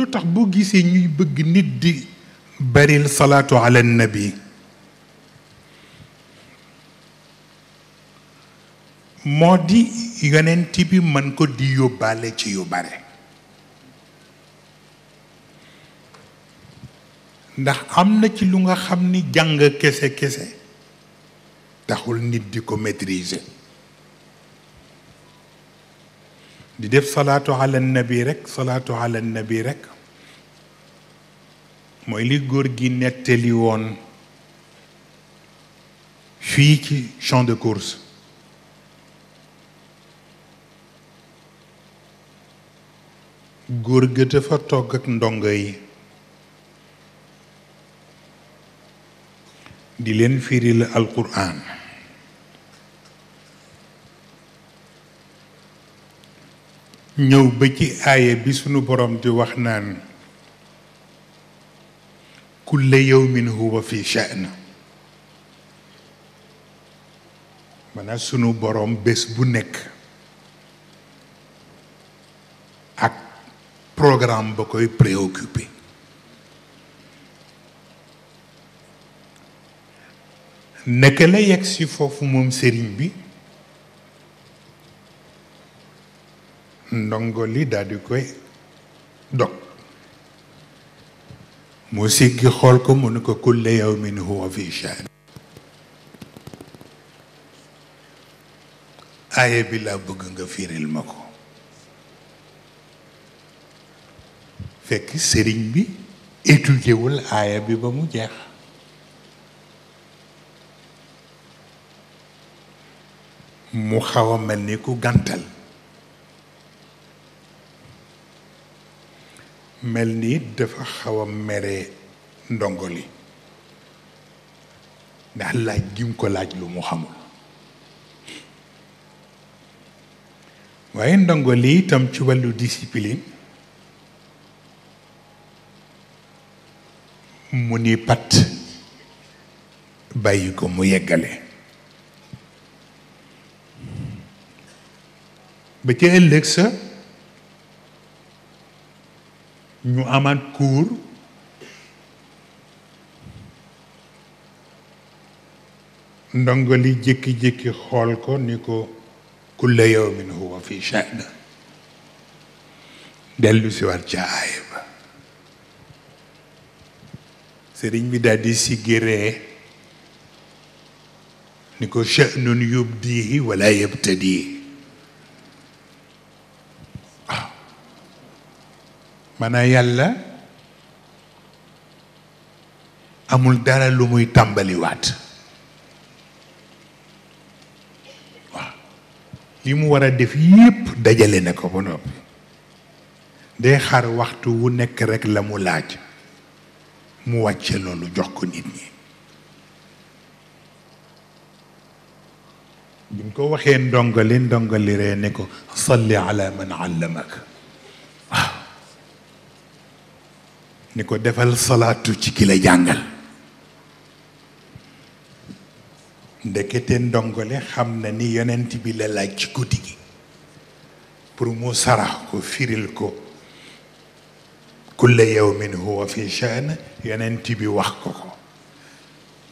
lu tax bu gisee ñuy bëgg nit di baril salaatu ala nabi moo di yonent bi mën ko di yóbbaale ci yu bare ndax am na ci lu nga xam ni jàng kese kese taxul nit di ko maîtriser di def salaatu ala nabi rek salaatu ala nabi rek mooy li góor gi nettali woon fii ci champ de course góor ga dafa togg ak ndongo yi di leen firi la alquran ñëw ba ci aaya bi sunu borom di wax naan kulla yawmin huwa fi sha'n maanaam sunu boroom bés bu nekk ak programme ba koy préoccupé naka la yegg si foofu moom sëriñ bi ndongo li daal koy dog mu siggi xool ko mu ne ko kulle yawmin huwa fi shaan aaye bi laa bëgg nga firil ma ko fekk sëriñ bi étudier wul aaya bi ba mu jeex mu xawa mel ni ku gàntal mel ni dafa xaw mere ndongo li ndax laaj gi mu ko laaj lu mu xamul waaye ndongo li itam ci wàllu discipline mu ni patt bàyyi ko mu yeggale ba ca ëllëg sa ñu amaat cours ndongo li jékki-jékki xool ko ni ko kulla yawmin huwa fi sha'na dellu si ca aaya ba sëriñ bi daldi siggi ni ko sha'nun yubdihi wala yabtadihi maanaa yàlla amul dara lu muy tàmbaliwaat waaw li mu war a def yépp dajale na ko ba noppi day xaar waxtu wu nekk rekk la mu laaj mu wàcce loolu jox ko nit ñi bi mu ko waxee ndongali ndongali ree ne ko salli ala man allamaka ni ko defal salaatu ci ki la jàngal ndekete ndongole xam na ni yonent bi la laaj ci guddi gi pour mu sarax ko firil ko kulla yawmin huwa fi shaan yonent bi wax ko ko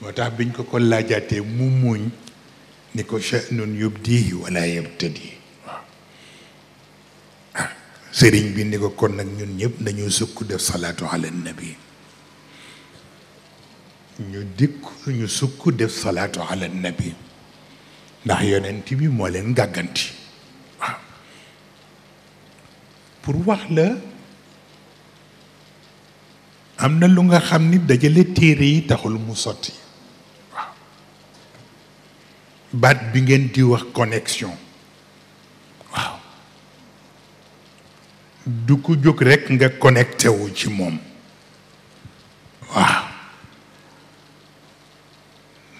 moo tax biñ ko ko laajaatee mu muuñ ni ko shaanun yubdihi wala yabtadi sëriñ bi ni ko kon nag ñun ñëpp nañu sukk def salaatu ala nabi ñu dikk ñu sukk def salaatu ala nabi ndax yonent bi moo leen gàgganti waaw pour wax la am na lu nga xam ni dajale téere yi taxul mu sotti waaw baat bi ngeen di wax connexion du ko jóg rekk nga connecté wu ci moom waaw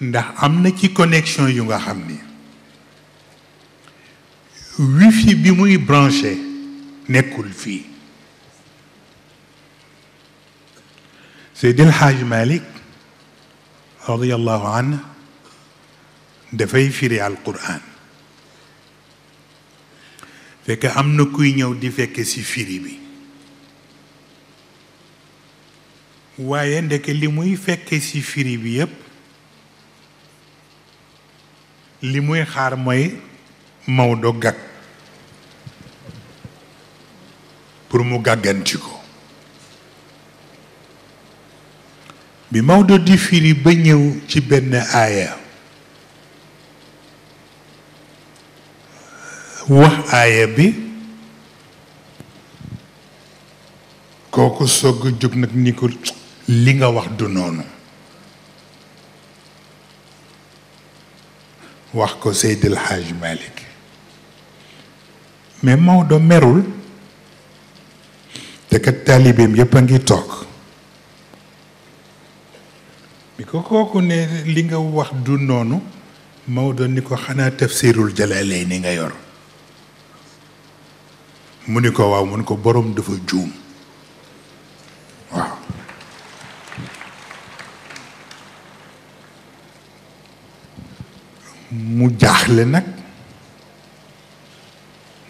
ndax am na ci connexion yu nga xam ni wifi bi muy branché nekkul fii Seydil Hadj Malick radiyallahu anhu dafay firi al Quraan fekk am na kuy ñëw di fekke ci firi bi waaye ndeke li muy fekke ci firi bi yépp li muy xaar mooy Maodo gàgg pour mu gàgganti ko bi Maodo di firi ba ñëw ci benn aaya wax aaya bi kooku soog a jóg nag ni ko li nga wax du noonu wax ko Seydil Hadj Malick mais Maodo merul te kat taalibeem yépp a ngi toog bi ko kooku ne li nga wax du noonu Maodo ni ko xanaa tafsirul Jalalayn ni nga yor mu ni ko waaw mun ko boroom dafa juum waaw mu jaaxle nag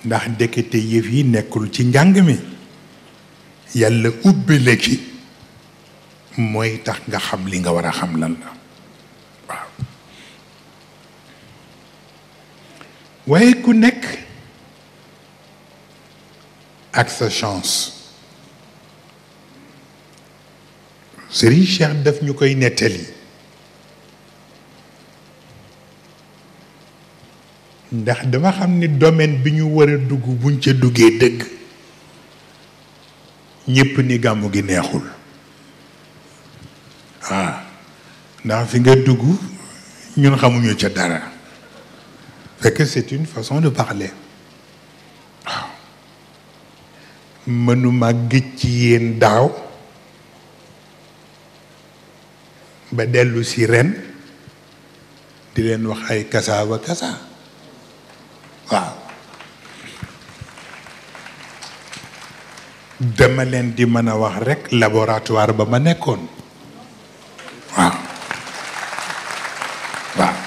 ndax ndekete yëf yi nekkul ci njàng mi yàlla ubbi léegi mooy tax nga xam li nga war a xam lan la waaw waaye ku nekk ak sa chance Serigne Cheikh def ñu koy nettali ndax dama xam ni domaine bi ñu war a dugg buñ ca duggee dëgg ñépp ni gàmmu gi neexul ah ndax fi nga dugg ñun xamuñu ca dara fekk c'est une façon de parler mënuma gëj ci daaw ba dellusi ren di leen wax ay kasaaba kasa waaw dama leen di mën a wax rekk laboratoire ba ma nekkoon waaw waaw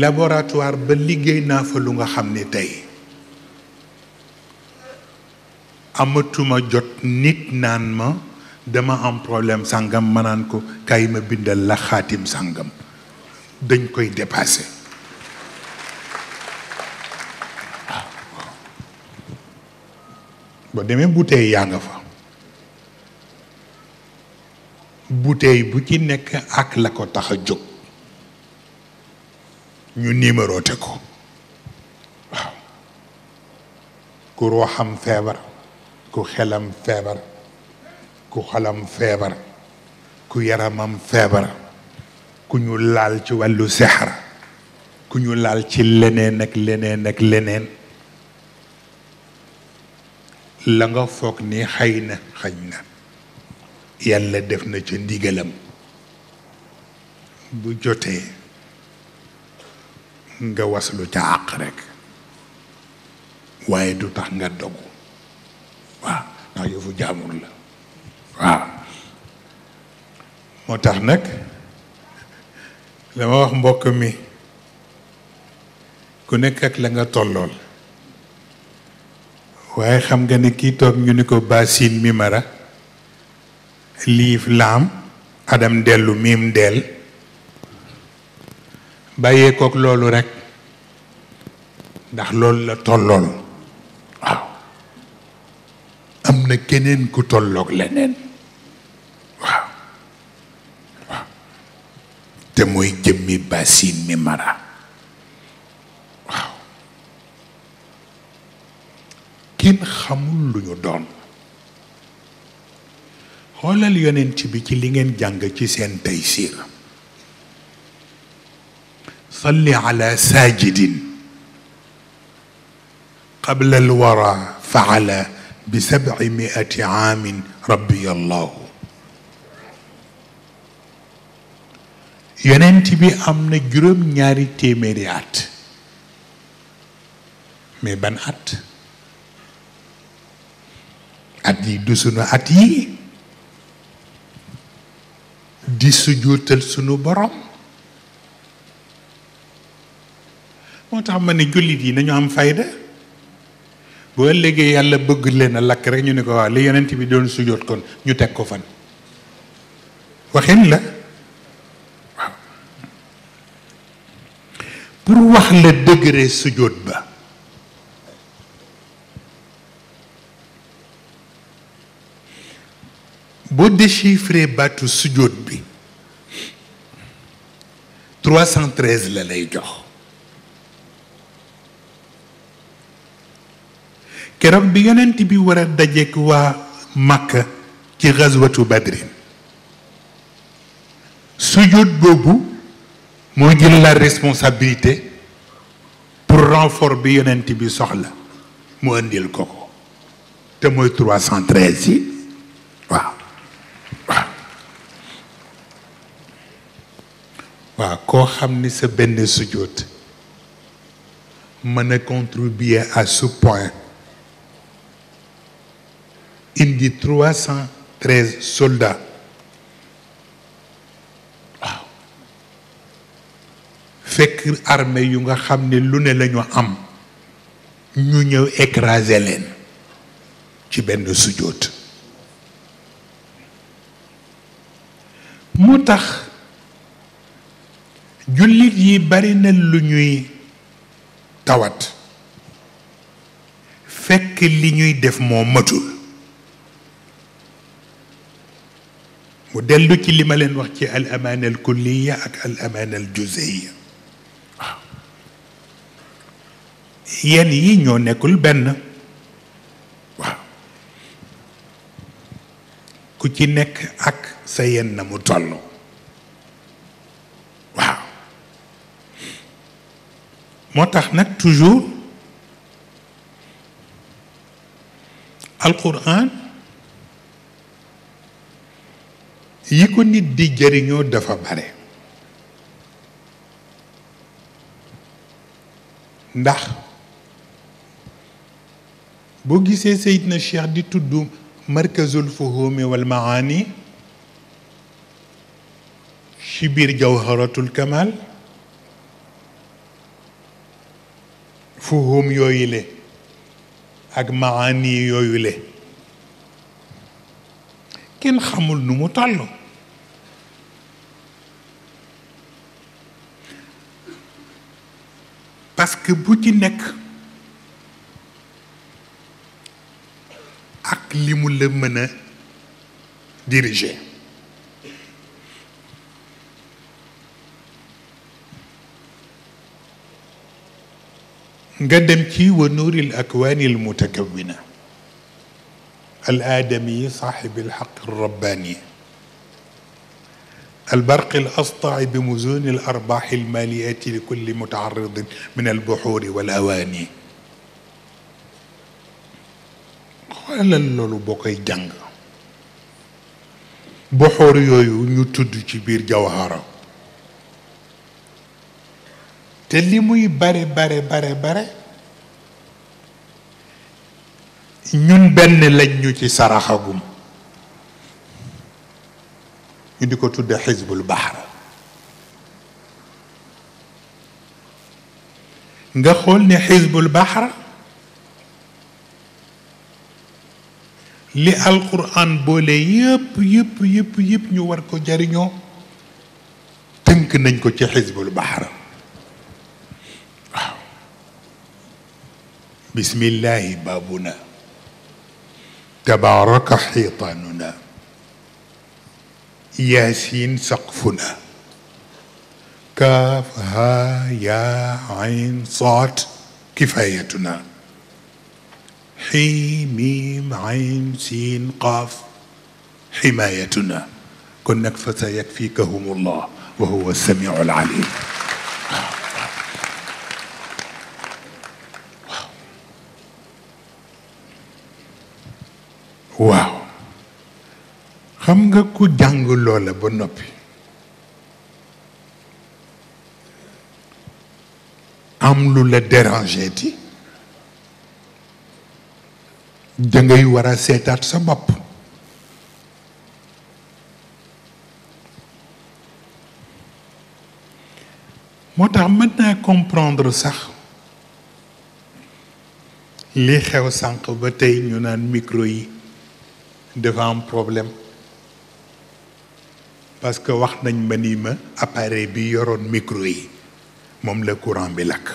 laboratoire ba liggéey naa fa lu nga xam ni tey amatuma jot nit naan ma dama am problème sàngam ma ko kaay ma bindal la xaatim sàngam dañ koy dépassé waaw boo demee bouteille yaa nga fa bouteille bu ci nekk ak la ko tax a jóg ñu numéroté ko waaw ku xam feebar ku xelam feebar ku xolam feebar ku yaramam feebar ku ñu laal ci wàllu sexar ku ñu laal ci leneen ak leneen ak leneen la nga foog ni xëy na xëy na yàlla def na ca ndigalam bu jotee nga waslu ca àq rekk waaye du tax nga dog waaw ndax yëfu jaamur la waaw moo tax nag dama wax mbokk mi ku nekk ak la nga tollool waaye xam nga ni kii toog ñu ni ko basin mi liif laam adam dellu miim del bàyyee kook loolu rekk ndax loolu la tollool am na keneen ku tollook leneen te mooy jëmmi basin mi mara waaw kenn xamul lu ñu doon xoolal yonent bi ci li ngeen jàng ci seen taysiir salli ala saajidin qabla alwara fa ala bi sabi miati aamin rabbi allahu yonent bi am na juróom ñaari téeméeri at mais ban at at yi du sunu at yi di sujootal sunu borom moo tax ma ne jullit yi nañu am fayda bu léegi yàlla bëgg leen a lakk rek ñu ne ko waaw li yonent bi doon sujjóot kon ñu teg ko fan waxin la waaw pour wax la degré sujjóot ba boo déchiffré baatu sujjóot bi 313 la lay jox keroog bi yonent bi war a dajeek waa Makka ci gazwatu badrin sujud boobu moo jël la responsabilité pour renfort bi yonent bi soxla mu indil ko ko te mooy waaw koo xam ni sa benn sujud mën a contribuer à ce point indi trois cent treize soldats fekk armée yu nga xam ne lu ne lañu am ñu ñëw écraser leen ci benn sujjóot mu tax jullit yi bari na lu ñuy tawat fekk li ñuy def moo matul mu dellu ci li ma leen wax ci al amaana al kulliya ak al amaana al juz'iya waaw yi ñoo nekkul benn waaw ku ci nekk ak sa yenn na mu toll waaw moo tax nag toujours al quraan yi ko nit di jëriñoo dafa bare ndax boo gisee na Cheikh di tudd markazul fuhumi wal maani ci biir jawharatul kamal fuhum yooyule ak maani yooyule kenn xamul nu mu toll parce que bu ci nekk ak li mu la mën a diriger nga dem ci wa nuuril akwaani al mutakawina al aadami saaxibi al xaq rabbaani البرق الأسطع بمزون الأرباح المالية لكل متعرض من البحور والأواني xoolal loolu boo koy jàng boxoor yooyu ñu tudd ci biir jawhara te li muy bare bare bare bare ñun benn lañ ñu ci saraxagum ñu di ko tudde xisbul baxar nga xool ne xisbul baxar li alquran boole yëpp yëpp yëpp ñu war ko jariñoo tënk nañ ko ci xisbul baxar waaw bismillahi baabuna tabaraka xiitaanuna ياسين سقفنا كاف ها يا عين صاد كفايتنا حميم عين سين قاف حمايتنا كنك فسيكفيكهم الله وهو السميع العليم واو واو xam nga ku jàng loola ba noppi am lu la déranger ti dangay war a seetaat sa bopp moo tax mën naa comprendre sax li xew sànq ba tey ñu naan micro yi dafa am problème parce que wax nañ ma nii ma appareil bi yoroon micro yi moom la courant bi lakk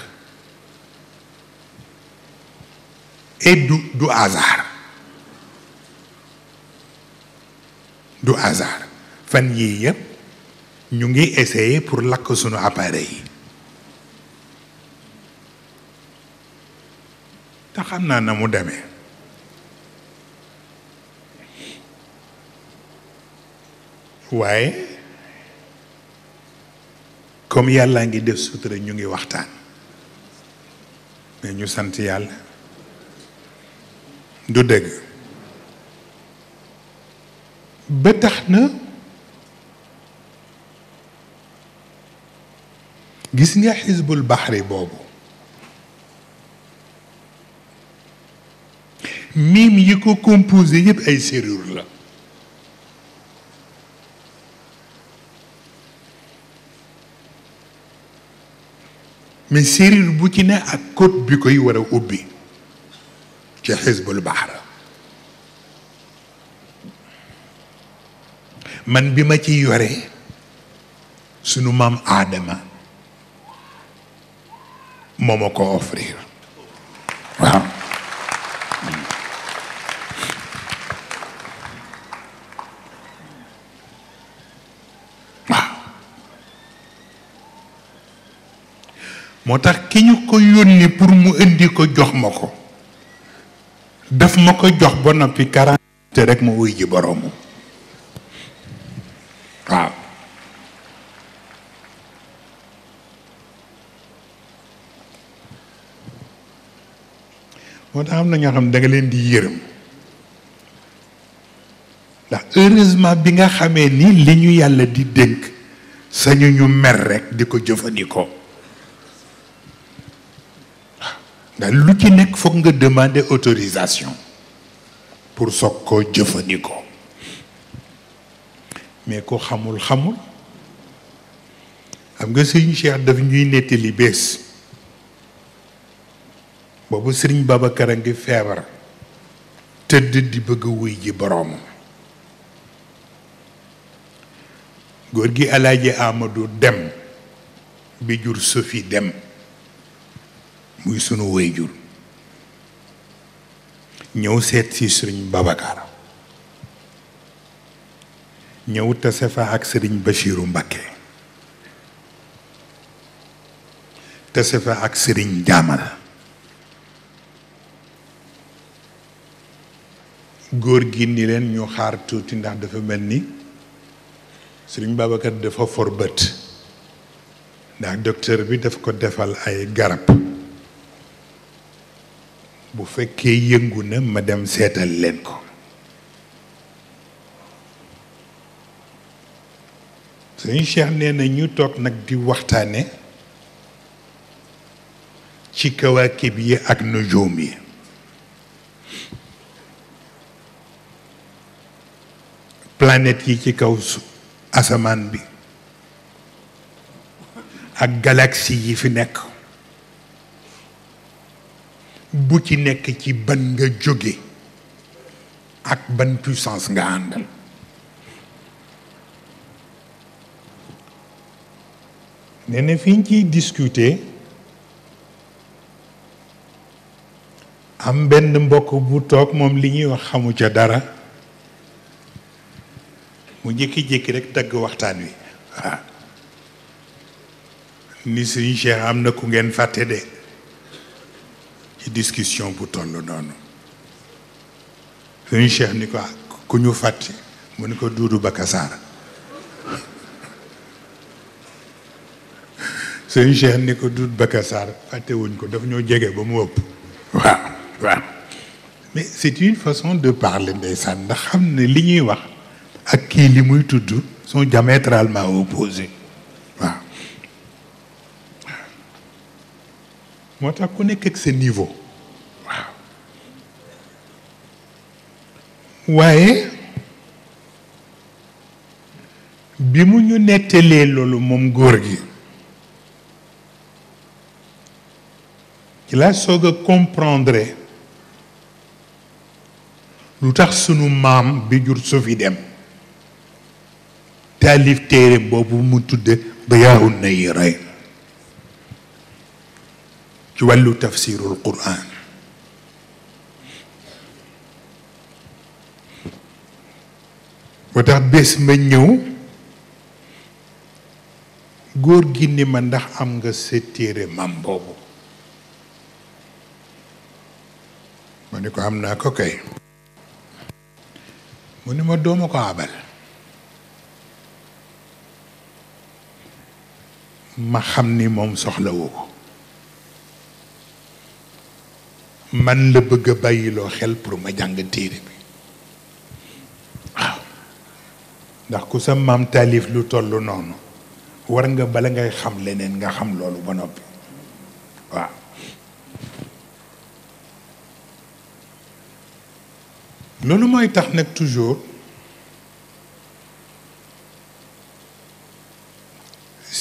et du du hasard du hasard fan yii yëpp ñu ngi essayer pour lakk sunu appareil yi te xam naa na mu demee waaye comme yàllaa ngi def sutura ñu ngi waxtaan mais ñu sant yàlla du dëgg ba tax na gis nga xisbul baxri boobu mim yi ko composé yëpp ay serrure la mais cellule bu ci ne ak code bi koy war a ubbi ci xisbul baxra man bi ma ci yoree sunu maam aadama moo ma ko moo tax ki ñu ko yónni pour mu indi ko jox ma ko daf ma ko jox ba noppi quarante rek ma wuy ji boroomu waaw moo tax am na ñoo xam ne da leen di yërëm ndax heureusement bi nga xamee ni li ñu yàlla di dénk sañu ñu mer rek di ko jëfandikoo ndax lu ci nekk foog nga demander autorisation pour soog koo jëfandikoo mais ko xamul xamul xam nga sëriñ Cheikh daf ñuy nettali bés boobu sëriñ Babacar a ngi feebar tëdd di bëgg wuy ji boroomam góor gi alaaji Amadou Dem bi jur Sophie Dem muy sunu wéyjur ñëw seet si sëriñ Babacar ñëw tase fa ak sëriñ Bachiru Mbakke tase fa ak sëriñ Jaamal góor gi ni leen ñu xaar tuuti ndax dafa mel ni sëriñ Babacar dafa forbët ndax docteur bi daf ko defal ay garab bu fekkee yëngu na ma dem seetal leen ko suñu cheikh nee na ñu toog nag di waxtaane ci kawaakib yi ak nujuum yi planet yi ci kaw asamaan bi ak galaxie yi fi nekk bu ci nekk ci ban nga jóge ak ban puissance nga àndal nee na fi ñu ciy discuter am benn mbokk bu toog moom li ñuy wax xamu ca dara mu jékki-jékki rek dagg waxtaan wi waaw ni suñu Cheikh am na ku ngeen fàtte de ci discussion bu toll noonu suñu cheikh ni ko ku ñu fàtte mu ni ko Duudu Bakasaar suñu cheikh ni ko Duudu Bakasaar fàtte wuñ ko daf ñoo jege ba mu ëpp waaw waaw mais c'est une façon de parler ndeysaan ndax xam ne li ñuy wax ak kii li muy tudd soo diamétralement opposés moo tax ku nekk ak sa niveau waaw waaye bi mu ñu nettalee loolu moom góor gi ci la soog a comprendre lu tax sunu maam bi jur su fi dem taalif téere boobu mu tudde Biyaa'u Nuurayn ci wàllu tafsirul quran moo tax bés ma ñëw góor gi ni ma ndax am nga sa téere mam boobu ma ni ko am naa ko kay mu ni ma dooma ko abal ma xam ni moom soxlawu ko man la bëgg a bàyyiloo xel pour ma jàng téere bi waaw ndax ku sa maam taalif lu toll noonu war nga bala ngay xam leneen nga xam loolu ba noppi waaw loolu mooy tax nag toujours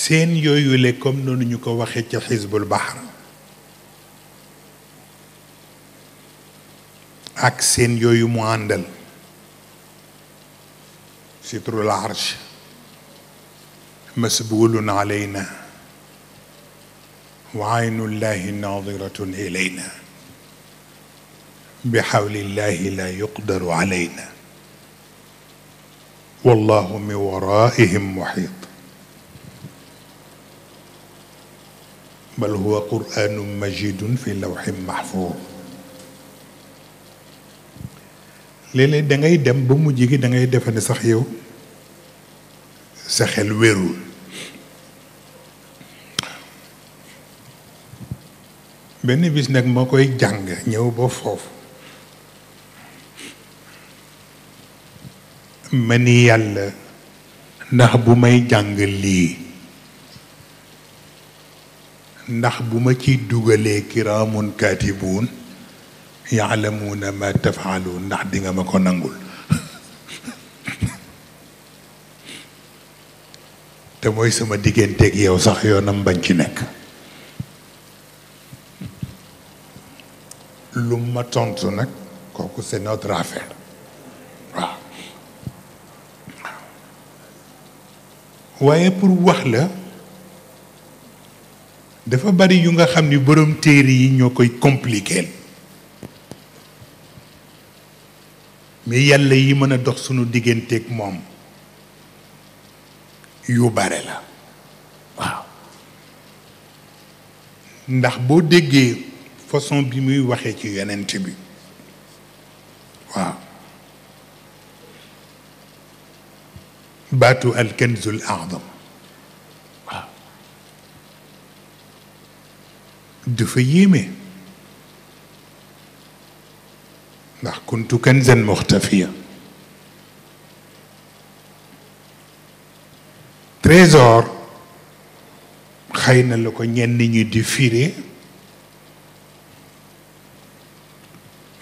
seen yooyule comme noonu ñu ko waxee ca xisbul bahra ak seen yooyu mu àndal sitru large masbuulun alayna wa aynullahi nadiratun ilayna bi xawlillahi la yuqdaru alayna wallahu min waraihim muxiit bal huwa quranu majidun fi lawxin maxfuud léeg dangay dem ba mujj gi dangay ngay sax yow sa xel wérul benn bis nag moo koy jàng ñëw ba foofu ma ni yàlla ndax bu may jàng lii ndax bu ma ci dugalee kiraamun kaatibuun yaalamuuna ma tafaaluun ndax dinga ma ko nangul te mooy sama digganteeg yow sax yoonam bañ ci nekk lu ma tontu nag kooku c'est notre affaire waaw waaye pour wax la dafa bari yu nga xam ni borom téere yi ñoo koy compliquer mais yàlla yi mën a dox sunu digganteek moom yu bare la waaw ndax boo déggee façon bi muy waxee ci yonent bi waaw baatu alkanzul a'zam waaw dafa yéeme كنت كنزا مختفيا trésor xëy na la ko ñenn ñu di firi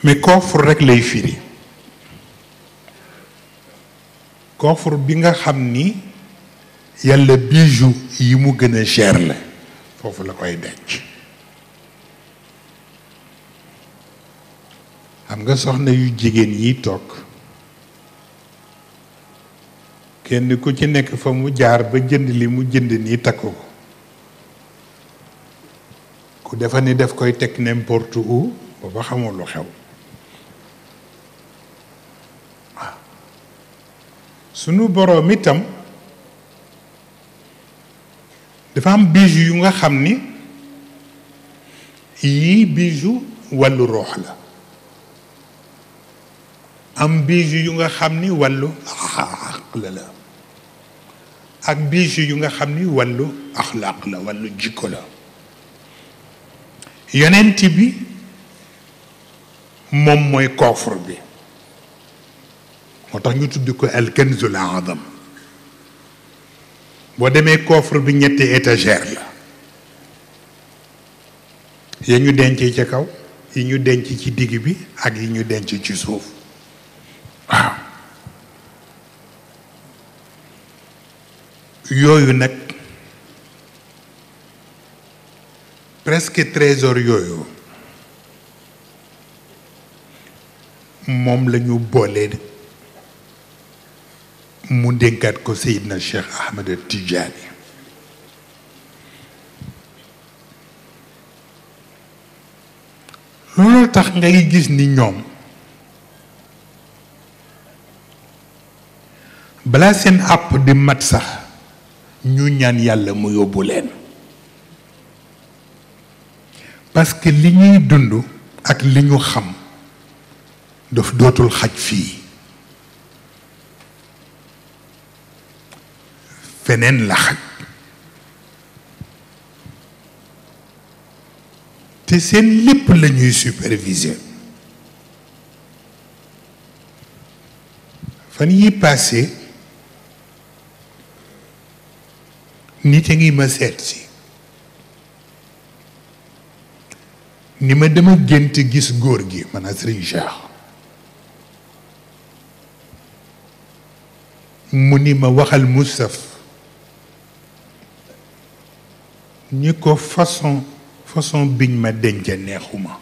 mais coffre rekk lay firi coffre bi nga xam ni yàlla bijou yi mu gën a cher la foofu la koy denc xam nga soxna yu jigéen yi toog kenn ku ci nekk fa mu jaar ba jënd li mu jënd nii takku ko ku defa ni daf koy teg n'importe où booba xamul lu xew waaw ah. sunu boroom itam dafa am bijou yu nga xam ni yii bijou wàllu roox la am biiju yu nga xam ni wàllu axlaaq la ak biiju yu nga xam ni wallu axlaaq la wallu jikko la yonent bi moom mooy coffre bi moo tax ñu tudd ko alkanzul azam boo demee coffre bi ñetti étagère la yi ñu denc ca kaw yi ñu denc ci digg bi ak yi ñu denc ci suuf waaw yooyu nag presque trésor yooyu moom la ñu boole mu dénkaat ko Seydina Cheikh Ahmed Tidiane loolu tax ngay gis ni ñoom balaa seen àpp di mat sax ñu ñaan yàlla mu yóbbu leen parce que li ñuy dund ak li ñu xam daf dootul xaj fii feneen la xaj te seen lépp lañuy ñuy superviser fan yi passé nit a ngi ma seetsi si ni ma dama gént gis góor gi man a sëriñ Cheikh mu ni ma waxal Moustapha ñi ko façon façon biñ ma denc neexuma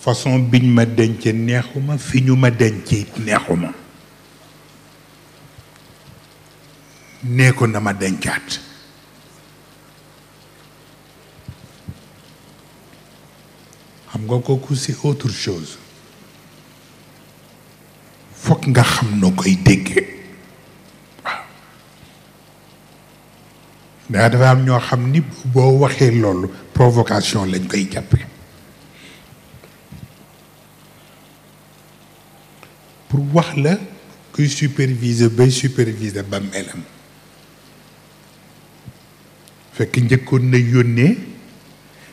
façon biñ ma denc neexuma fi ñu ma denc it neexuma nee ko na ma dencaat xam nga kooku c'est autre chose fokk nga xam noo koy déggee waaw ndax dafa am ñoo xam ni boo waxee loolu provocation lañ koy jàppe pour wax la kuy superviser bay superviser ba melam fekk njëkkoon na yónnee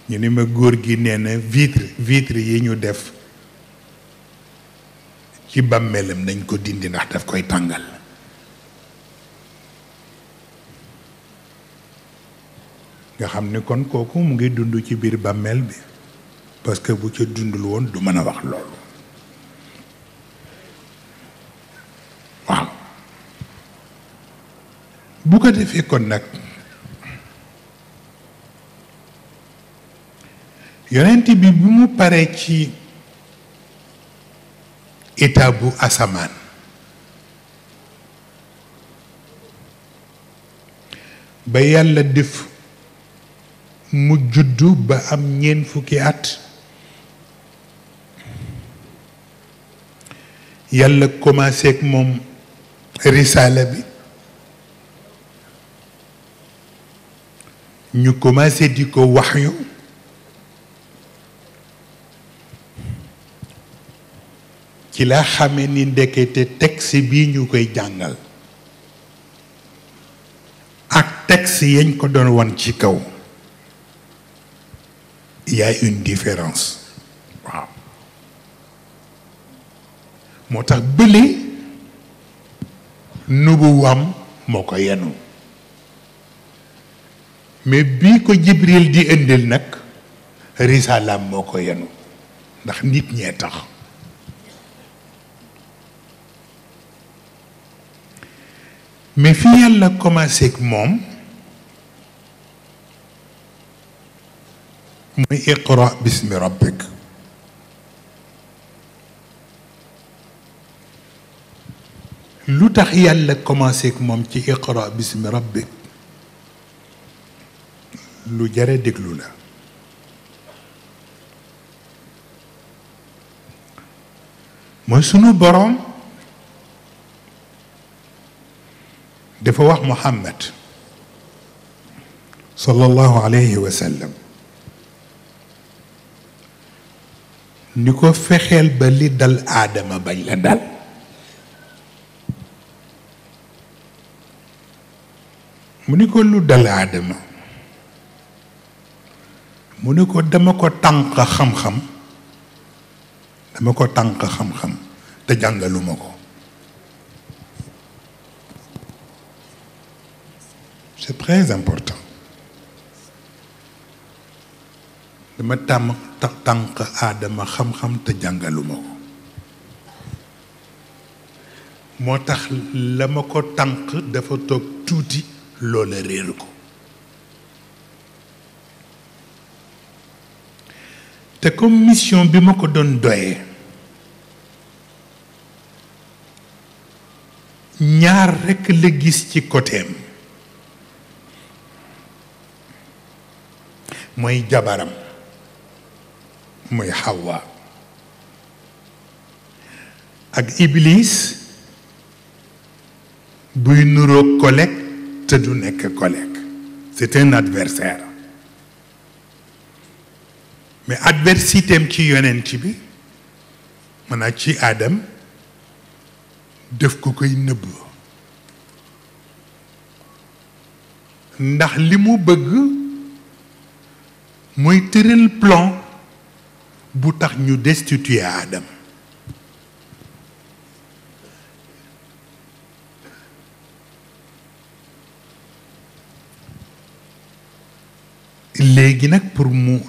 ñu ni ma góor gi neena na vitre vitre yi ñu def ci bàmmeelam nañ ko dindi ndax daf koy tàngal nga xam ni kon kooku mu ngi dund ci biir bàmmeel bi parce que bu ca dundul woon du mën a wax loolu waaw bu ko defee kon nag yonent bi bi mu paree ci état bu asamaan ba yàlla def mu juddu ba am ñeent fukki at yàlla commencé moom risaala bi ñu commencé di ko wax waxyu ci la xamee ni ndekete texte bii ñu koy jàngal ak texte yañ ko doon wan ci kaw y a une différence waaw moo tax bële nubuwam moo ko yenu mais bii ko Jibril di indil nag risalaam moo ko yenu ndax nit ñee tax mais fi yàlla commencé moom muy iqra bismi rabbik lu tax yàlla commencé moom ci iqra bismi rabbik lu jare déglu la mooy sunu borom dafa wax muhammad sallallahu alayhi wa ni ko fexeel ba li dal aadama bañ la dal mu ni ko lu dal aadama mu ni ko dama ko tànq xam-xam dama ko tànq xam-xam te jàngaluma ko c'est très important dama tàmm tànk aadama xam-xam te jàngaluma ko moo tax la ma ko tànk dafa toog tuuti loola réer ko te comme mission bi ma ko doon doyee ñaar rekk la gis ci côtéem mooy jabaram muy Hawa ak Iblis buy nurook collègue te du nekk collègue c'est un adversaire mais adversité ci yonent bi maanaam ci Adam def ko koy nëbb ndax li mu bëgg mooy tëral plan bu tax ñu destituer Adam léegi nag pour mu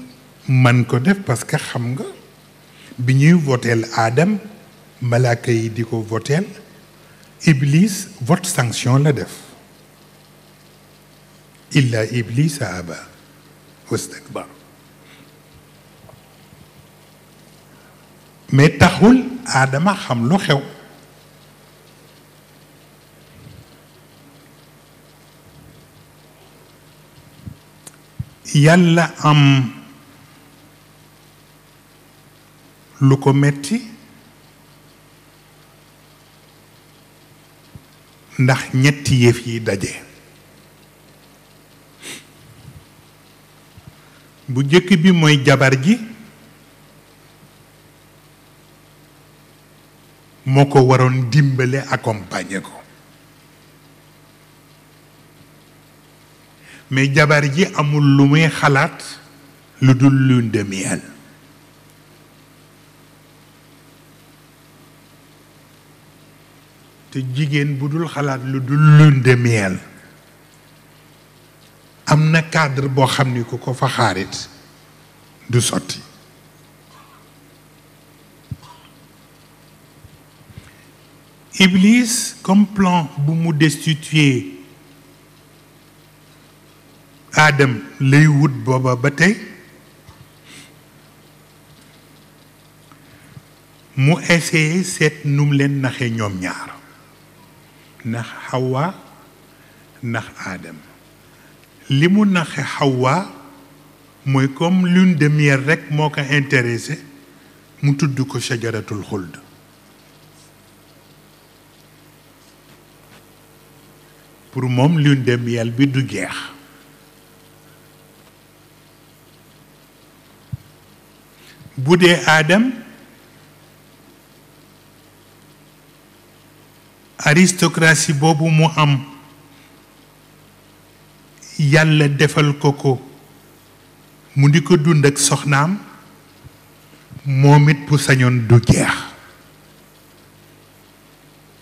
man ko def parce que xam nga bi ñuy voteel aadam malaaka yi di ko voteel Iblis vote sanction la def illa Iblis a mais taxul aadama xam lu xew yàlla am lu ko metti ndax ñetti yëf yi daje bu njëkk bi mooy jabar ji moo ko waroon dimbale accompagner ko mais jabar ji amul lu muy xalaat lu dul lune de te jigéen bu dul xalaat lu dul lune de am na cadre boo xam ni ku ko fa xaarit du sotti ibliis comme plan bu mu destituer aadam lay wut booba ba tey mu essayé seet num leen naxe ñoom ñaar ndax Hawa ndax Adam li mu naxe Hawa mooy comme lune de rekk moo ko intéressé mu tudd ko sajaratul xuld pour moom lune de bi du jeex bu dee aadam aristocratie boobu mu am yàlla defal ko ko mu di ko dund ak soxnaam moom it bu sañoon du jeex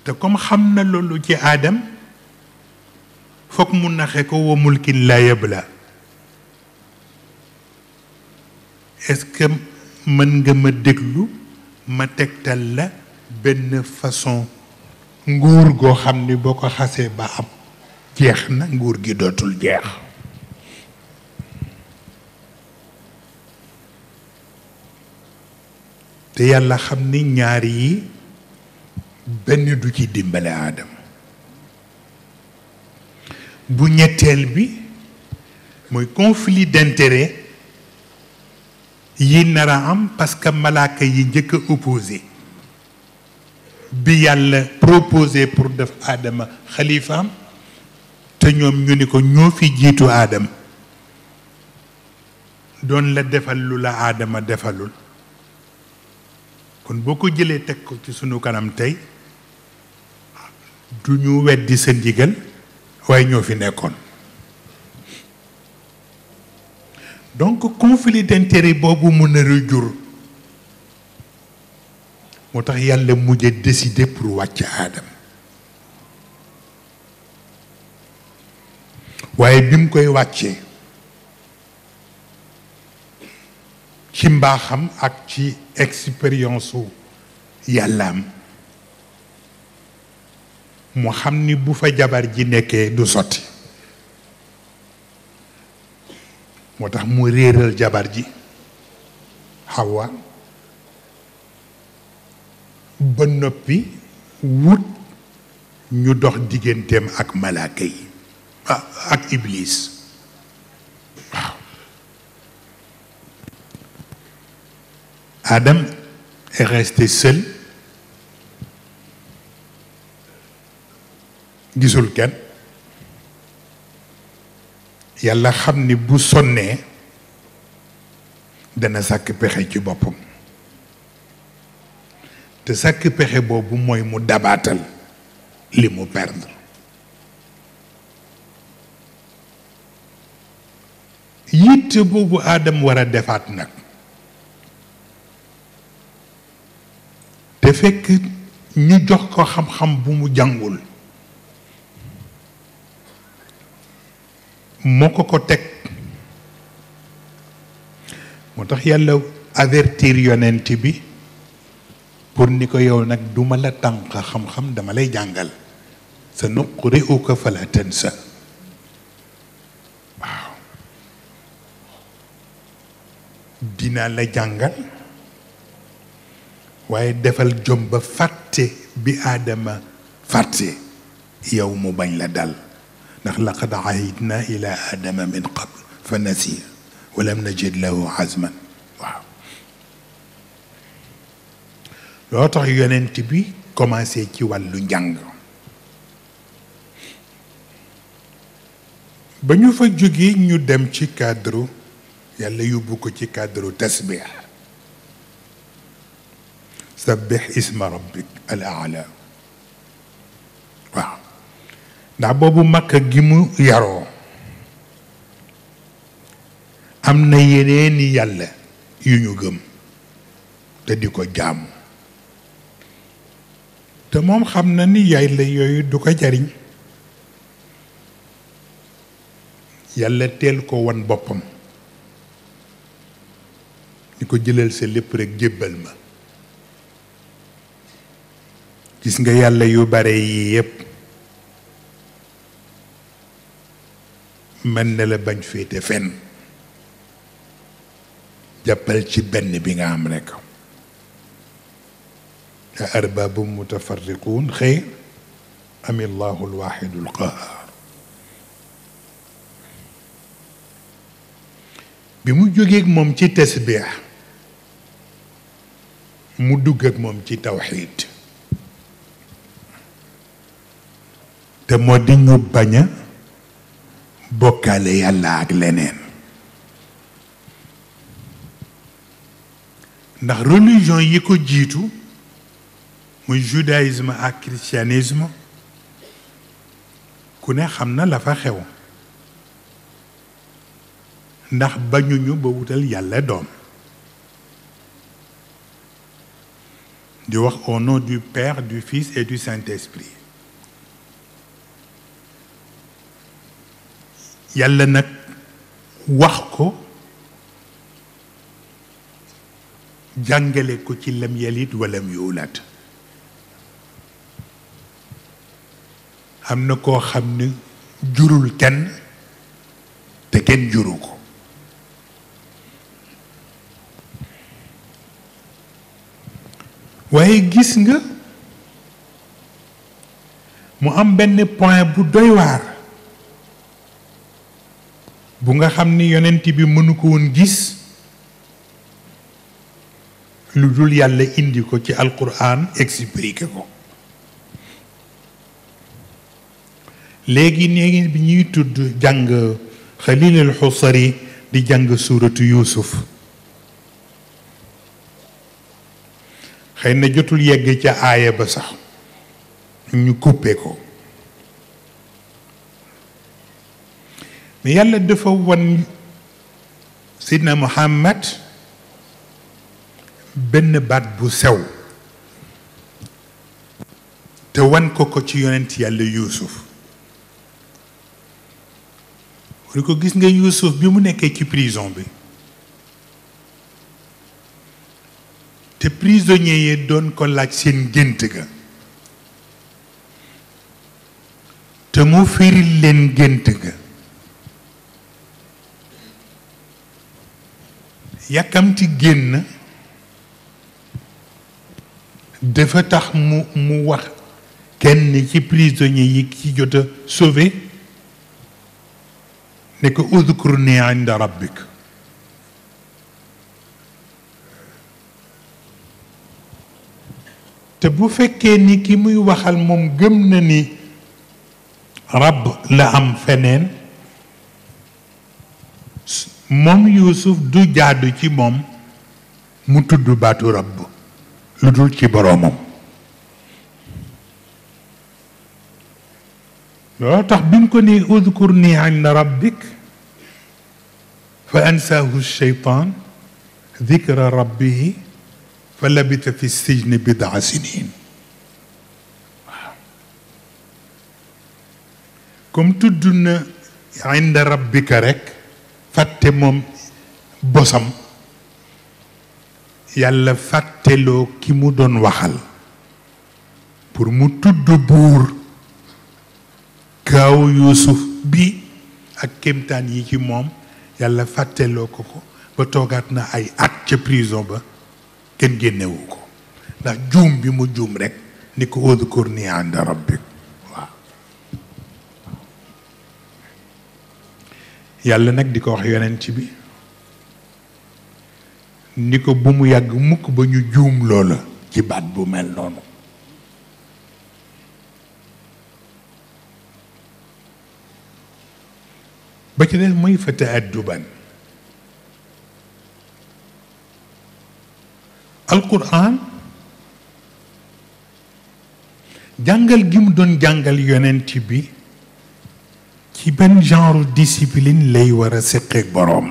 te comme xam na loolu ci aadam foog mu naxe ko wa mulkin laa yabla est mën nga ma déglu ma tegtal la benn façon nguur goo xam ni boo ko xasee ba am jeex na nguur gi dootul jeex te yàlla xam ni ñaar yi benn du ci dimbale aadama bu ñetteel bi mooy conflit d'intérêt yi nar a am parce que malaaka yi njëkk a bi yàlla proposé pour def aadama xalifaam te ñoom ñu ni ko ñoo fi jiitu aadama doon la defal lu la aadama defalul kon boo ko jëlee teg ko ci sunu kanam tey du ñu weddi sa ndigal waaye ñoo fi nekkoon donc conflit boobu mu a jur moo tax yàlla mujj décider pour wàcc aadama waaye bi mu koy wàccee ci mbaaxam ak ci expérience u yàllaam mu xam ni bu fa jabar ji nekkee du sotti moo tax mu réeral jabar ji xawa ba noppi wut ñu dox digganteem ak malaaka yi Ah, ak iblis Adam est resté seul gisul kenn yàlla xam ni bu sonnee dana sàkk pexe ci boppam te sàkk pexe boobu mooy mu dabaatal li mu perdre yitte boobu aadam war a defaat nag te fekk ñu jox ko xam-xam bu mu jàngul moo ko ko teg moo tax yàlla avertir yonent bi pour ni ko yow nag duma la tànq xam-xam dama lay jàngal sa ko fala tansa dinaa la jàngal waaye defal jom ba fàtte bi aadama fàtte yow mu bañ la dal ndax laqad ahidna ila aadama min qabl fa nasiya walam bi commencé ci wàllu njàng ba ñu fa jógee ñu dem ci cadre yàlla yóbbu ko ci cadre tasbix sabbix isma rabbik al aala waaw ndax boobu màkk gi mu yaroo am na yeneeni yàlla yu ñu gëm te di ko jàmm te moom xam na ni yàlla yooyu du ko jariñ yàlla teel ko wan boppam ni ko jëlal sa lépp rek jébbal ma gis nga yàlla yu bare yii yépp mën na la bañ féete fenn jàppal ci benn bi nga am rekk a arbaabu mutafarriquun xayr am illahu alwaxidu alqahaar bi mu jógeeg moom ci tasbiix mu dugg ak moom ci tawxiid te moo di ñu bañ a bokkaale yàlla ak leneen ndax religion yi ko jiitu muy judaïsme ak christianisme ku ne xam na la fa xew ndax bañuñu ba wutal yàlla doom di wax au nom du Père du Fils et du Saint-Esprit yàlla nag wax ko jàngale ko ci lam yalit walam yuulaat am na koo xam ne jurul kenn te kenn juru ko waaye gis nga mu am benn point bu doy waar bu nga xam ni yonent bi mënu ko woon gis lu dul yàlla indi ko ci alquran expliqué ko léegi néegi bi ñuy tudd jàng xalilul xusari di jàng suuratu yuusuf xëy na jotul yegg ca aaya ba sax ñu kuppe ko mais yàlla dafa wan na muhammad benn baat bu sew te wan ko ko ci yonent yàlla yuusuf wala ko gis nga yuusuf bi mu nekkee ci prison bi te prisonniers yi doon ko laaj seen gént ga te mu firil leen gént ga yàkkamti génn dafa tax mu mu wax kenn ci prisonniers yi ci jot a sauvé ne ko udkur ni inda te bu fekkee ni ki muy waxal moom gëm na ni rab la am feneen moom yuusuf du jaadu ci moom mu tudd baatu rabb lu dul ci boroomam looloo tax bi mu ko ni udkur ni inda rabbik fa ansaahu sheytaan dikra rabbihi fa labita fi sijni bidaa sinin waaw tudd na inda rabbika rek fàtte moom bosam yàlla fàtteloo ki mu doon waxal pour mu tudd buur gaaw yuusuf bi ak kémtaan yi ci moom yàlla fàtteloo ko ko ba toogaat na ay at ca prison ba kenn génnewu ko ndax juum bi mu juum rek ni ko udkur ni ànda rabbik waaw yàlla nag di ko wax yonent bi ni ko bu mu yàgg mukk ba ñu juum loola ci baat bu mel noonu ba ci des mooy fata adduban alquran jàngal gi mu doon jàngal yonent bi ci benn genre discipline lay war a séqeek boroom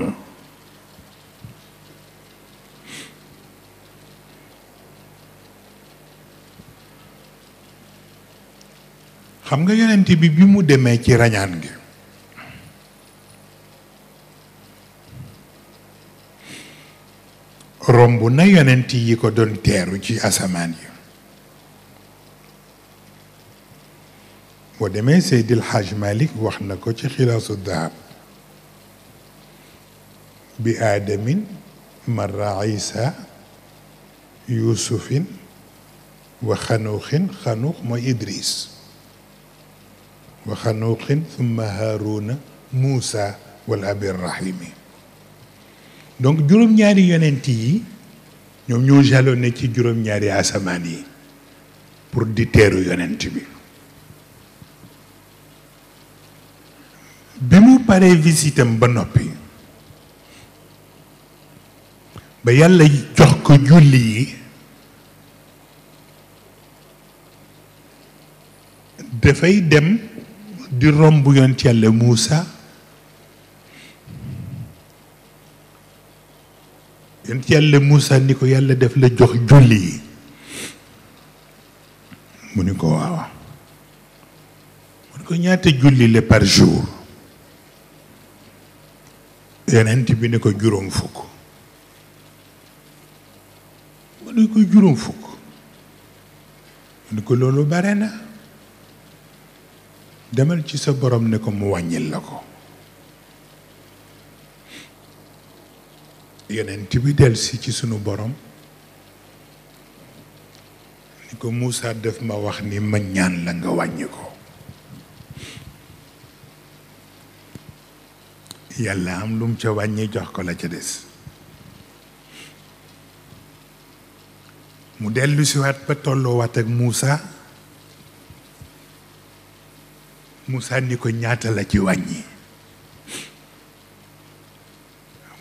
xam nga yonent bi bi mu demee ci rañaan gi romb na yonent yi ko doon teeru ci asamaan yi boo demee Seydil Hajj Malik wax na ko ci xilaasu dahab bi aadamin marra isa yusufin wa xanuuxin xanuux mooy idris wa xanuuxin thumma haaruna muusa wal abi rahimi donc juróom-ñaari yonent yi ñoom ñoo jalonné ci juróom-ñaari asamaan yi pour di teeru yonent bi bi mu paree visitam ba noppi ba yàlla jox ko julli yi dafay dem di romb yoon yàlla Muusa yonent yàlla Moussa ni ko yàlla def la jox julli yi mu ni ko waaw mu ni ko ñaata julli la par jour yonent bi ni ko ni ko juróom fukk mu ni ko loolu bare na demal ci sa borom ne ko mu wàññil la ko yonent bi dellusi ci sunu borom ni ko Moussa def ma wax ni ma ñaan la nga wàññi ko yàlla am lum mu ca wàññi jox ko la ca des mu dellu siwaat ba tolloowaat ak Moussa Moussa ni ko ñaata la ci wàññi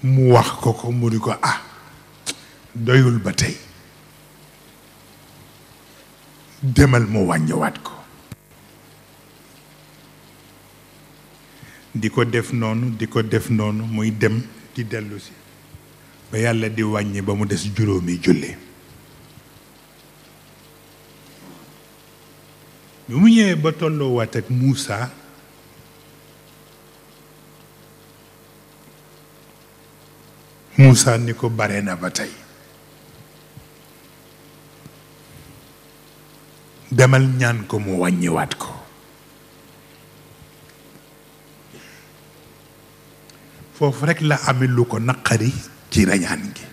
mu wax ko ko mu di ko ah doyul ba tey demal mu wàññiwaat ko di ko def noonu di ko def noonu muy dem di dellusi ba yàlla di wàññi ba mu des juróomi julli bi mu ñëwee ba tolloowaat ak Muusa Moussa ni ko bare na ba tey demal ñaan ko mu wàññiwaat ko foofu rekk la amee lu ko naqari ci rañaan gi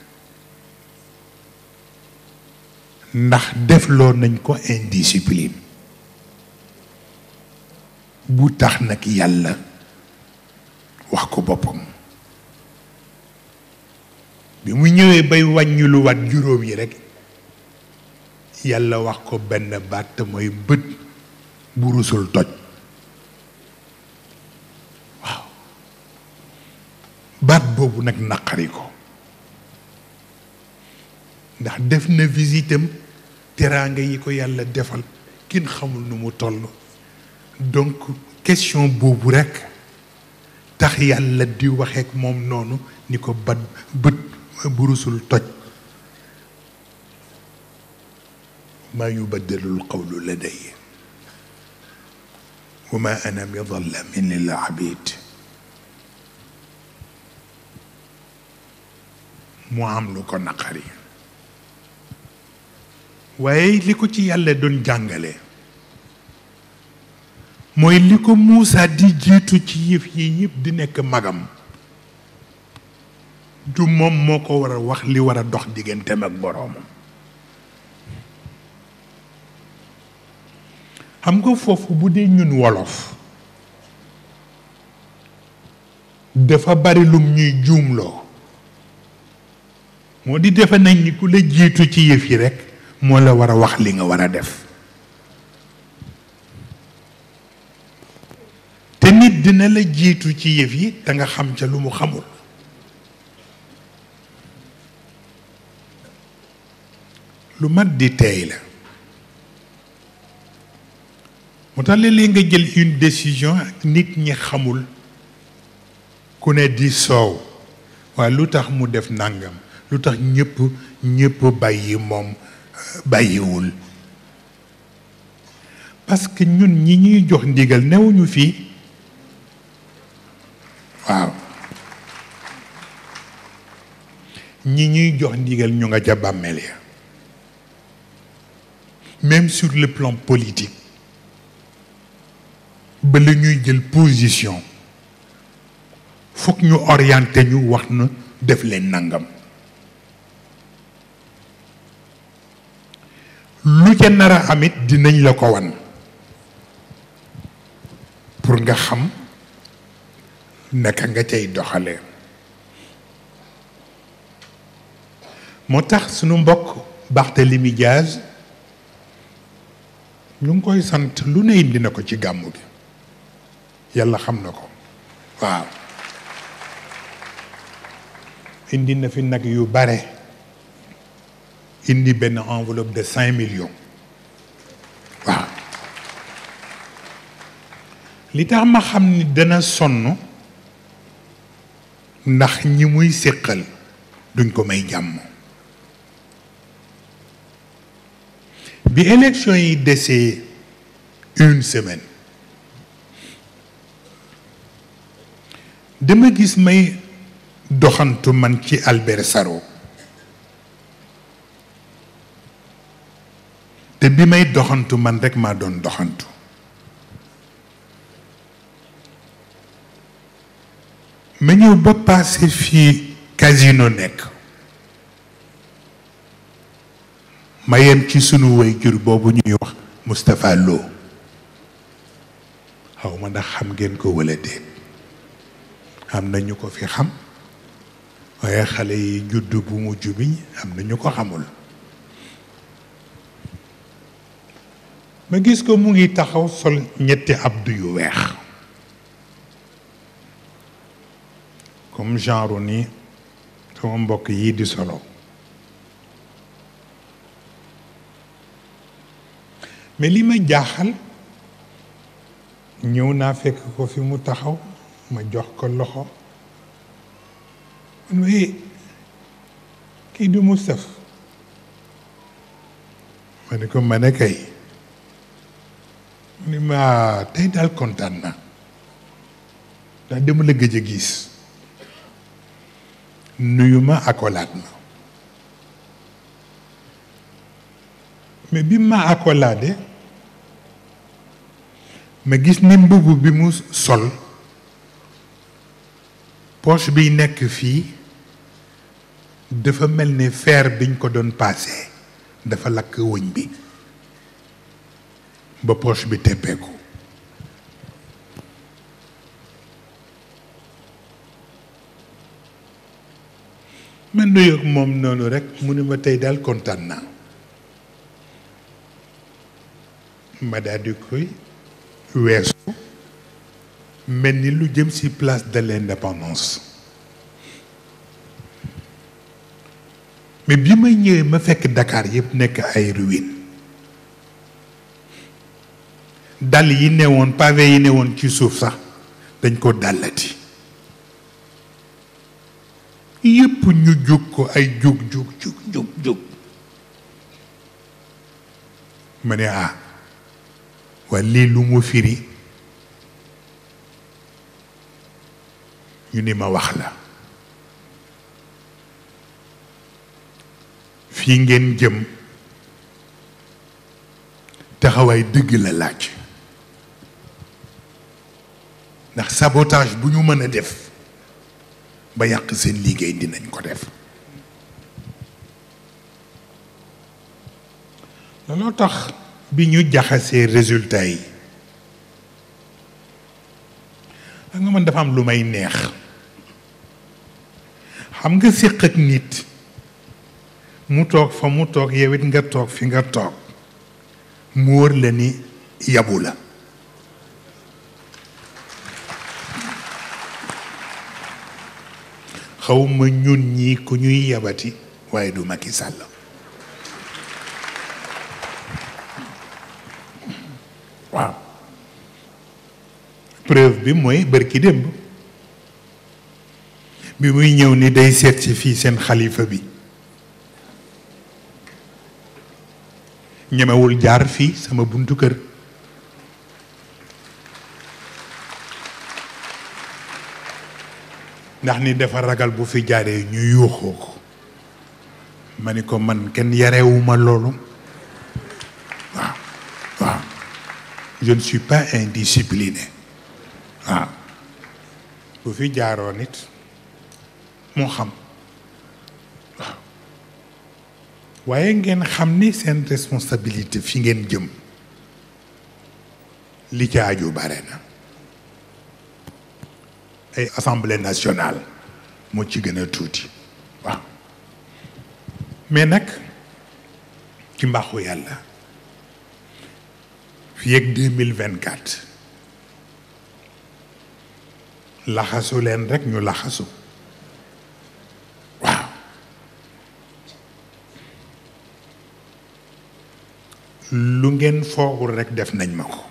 ndax def loo nañ ko indiscipline bu tax nag yàlla wax ko boppam bi mu ñëwee bay wàññilu wat juróom yi rekk yàlla wax ko benn baat mooy bët bu rusul toj waaw baat boobu nag naqari ko ndax def na visitam teraanga yi ko yàlla defal kenn xamul nu mu toll donc question boobu rekk tax yàlla di waxeek moom noonu ni ko bat bët burusul toj maa yubaddalul qawlu ladayya wa ma ana bi zallamin lil abid mu am lu ko naqari waaye li ko ci yàlla doon jàngale mooy li ko Muusaa di jiitu ci yëf yi yëpp di nekk magam du moom moo ko war a wax li war a dox digganteem ak boroomam xam ko foofu bu dee ñun wolof dafa bari lum ñuy juumloo moo di defe nañ ni ku la jiitu ci yëf yi rekk moo la war a wax li nga war a def te nit dina la jiitu ci yëf yi te nga xam ca lu mu xamul lu mat di teey la mu tax léeg-léeg nga jël une décision nit ñi xamul ku ne di soow waaye lu tax mu def ndàngam lu tax ñëpp ñëpp bàyyi moom euh, bàyyiwul parce que ñi ñuy jox ndigal newuñu fii waaw ñi ñuy jox ndigal ñu nga ca bàmmeel ya même sur le plan politique ba la ñuy jël position foog ñu orienté ñu wax na def leen nangam lu ca nar a amit dinañ la ko wan pour nga xam nekk nga cay doxale moo tax sunu mbokk Barthélémy Diaz ñu ngi koy sant lu ne indi na ko ci gàmmu gi yàlla xam na ko waaw indi na fi nag yu bare indi benn enveloppe de cinq millions waaw li tax ma xam ni dana sonn ndax ñi muy séqal duñ ko may jàmm bi élection yi desee une semaine dama gis may doxantu man ci Albert Sarraut te bi may doxantu man rekk maa doon doxantu ma ñëw ba passé fii casino nekk ma yem ci suñu way jur boobu ñuy wax Moustapha Lo xaw ma ndax xam ngeen ko wala déet am na ñu ko fi xam waaye xale yi judd bu mujj bi am na ñu ko xamul ma gis ko mu ngi taxaw sol ñetti abdu yu weex comme genre ni sama mbokk yi di solo mais li ma jaaxal ñëw naa fekk ko fi mu taxaw ma jox ko loxo mais eh, kii du Moustapha ma ne ko ma ne kay mu ma tey daal kontaan na ndax dama la gëj a gis nuyu ma akolaat ma mais bi ma accoladé ma gis ni mbubb bi mu sol poche biy nekk fii dafa mel ni fer biñ ko doon paase dafa lakk wëñ bi ba poche bi teppeeku ma nuyu ak moom noonu rekk mu ni ma tey daal kontaan naa ma daal koy weesu mel ni lu jëm ci place de l'indépendance mais bi may ñëwee ma fekk Dakar yëpp nekk ay ruines dàll yi ne woon pavé yi ne woon ci suuf sax dañ ko dàllati yëpp ñu jóg ko ay jóg jóg jóg jóg ma ne ah waa lii lu mu firi ñu ni ma wax la fii ngeen jëm taxawaay dëgg la laaj ndax sabotage bu ñu mën a def ba yàq seen liggéey dinañ ko def looloo tax bi ñu jaxasee résultat yi xam nga man dafa am lu may neex xam nga séq ak nit mu toog fa mu toog yow it nga toog fi nga toog mu wër la ni yabu la xawma ñun ñi ku ñuy yabati waaye du Macky Sall waaw preuve bi mooy bërki démb bi muy ñëw ni day seetsi fii seen xalifa bi ñemewul jaar fii sama buntu kër ndax ni dafa ragal bu fi jaaree ñu yuuxoo ko ma ni ko man kenn yarewuma loolu je ne suis pas indiscipliné waaw ah. bu fi jaaroo nit moo xam ah. waaye ngeen xam ni seen responsabilité fi ngeen jëm li ci aju bare na ay assemblée nationale moo ci gën a tuuti waaw mais nag ci mbaaxu yàlla fii ak deux mille vingt quatre laxasu leen rek ñu laxasu waaw lu ngeen foogul rekk def nañ ma ko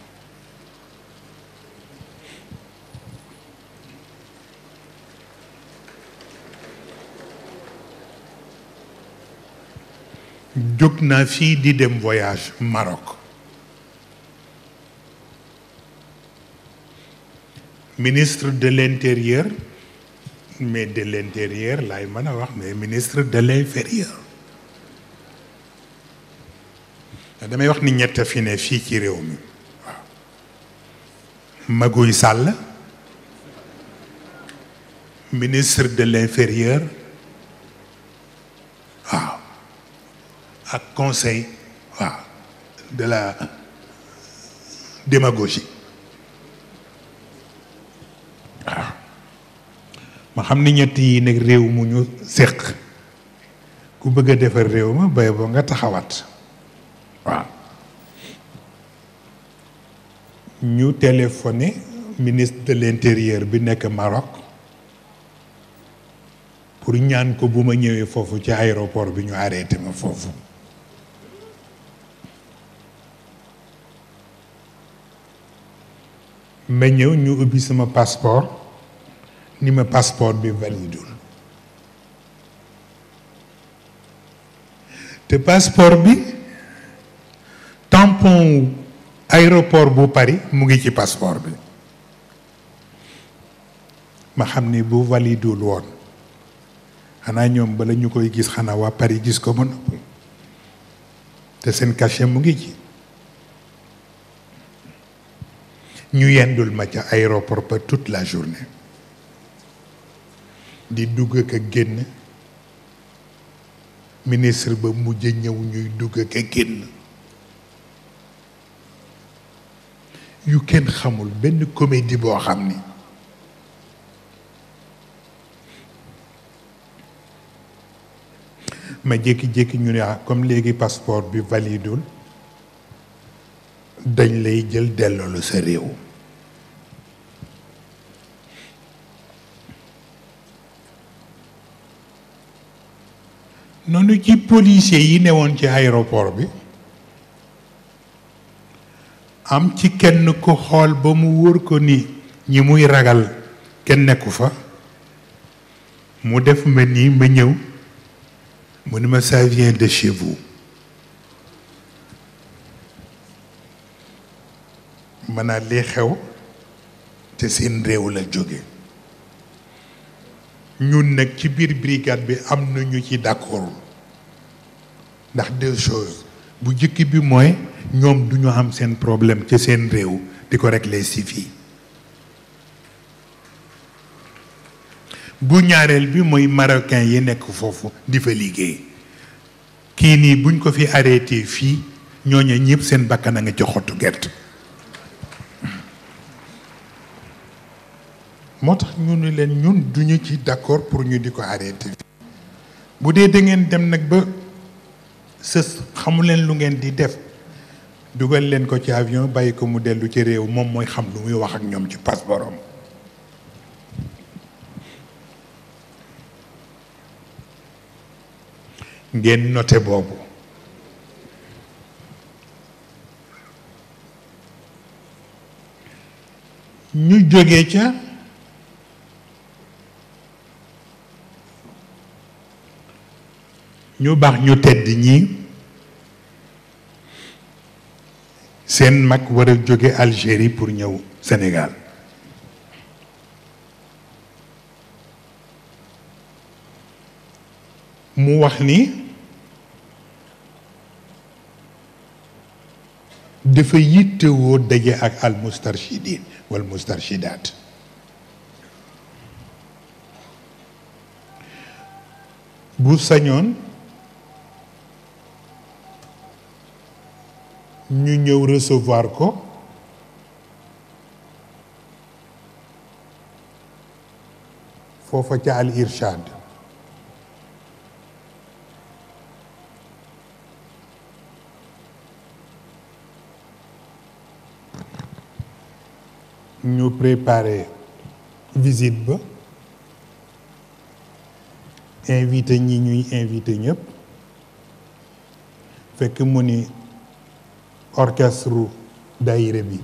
jóg naa fii di dem voyage marok ministre de l'intérieur mais de l'intérieur laay mën a wax mais ministre de l'inférieur damay wax ni ñett fi ne fii ci réew mi waaw Maguy Sall ministre de l'inférieur waaw ak conseil waaw de la démagogie waaw ah. ma xam ni ñett yi nag réew mu ñu séq ku bëgg a defar réew ma bay boo nga taxawaat waaw ñu téléphoné ministre de l'intérieur bi nekk Maroc pour ñaan ko bu ma ñëwee foofu ci aéroport bi ñu arrêté ma foofu ma ñëw ñu ubbi sama passeport ni ma passeport bi validul te passeport bi tampon aéroport bu Paris mu ngi ci passeport bi ma xam ni bu validul woon xanaa ñoom bala ñu koy gis xanaa waa Paris gis ko ba noppi te seen cachet mu ngi ci ñu yendul ma ca aéroport ba toute la journée di dugg ak a génn ministre ba mujj ñëw ñuy dugg ak a génn yu kenn xamul benn comédie boo xam ni ma jékki-jékki ñu ne ah, comme léegi passeport bi validul dañ lay jël delloo la sa réew noonu ci policier yi ne woon ci aéroport bi am ci kenn ku xool ba mu wóor ko ni ñi muy ragal kenn nekku fa mu def ma nii ma ñëw mu ni ma ça de chez vous maanaam lii xew te seen réew la jóge ñun nekk ci biir brigade bi am na ñu ci d'accord ndax deux bu jëkk bi mooy ñoom du am seen problème ci seen réew di ko régler si fii bu ñaareel bi mooy marocain yi nekk foofu di fa liggéey kii nii buñ ko fi arrêté fii ñooñu ñëpp seen bakkan a ngi ci xottu gerte moo tax ñu ne leen ñun duñu ci d'accord pour ñu di ko arrêté bu dee dangeen dem nag ba sës xamuleen lu ngeen di def dugal leen ko ci avion bàyyi ko mu dellu ci réew moom mooy xam lu muy wax ak ñoom ci passeport am ngeen note boobu ñu jóge ca ñu baax ñu tedd ñi seen mag war a jóge Algérie pour ñëw Sénégal mu wax ni dafa yittewoo daje ak al mustarshidin wal mustarshidaat bu sañoon ñu ñëw recevoir ko foofa ca al irshad ñu préparé visite ba invité ñi ñuy invité ñëpp fekk mu ni orchestre dayre bi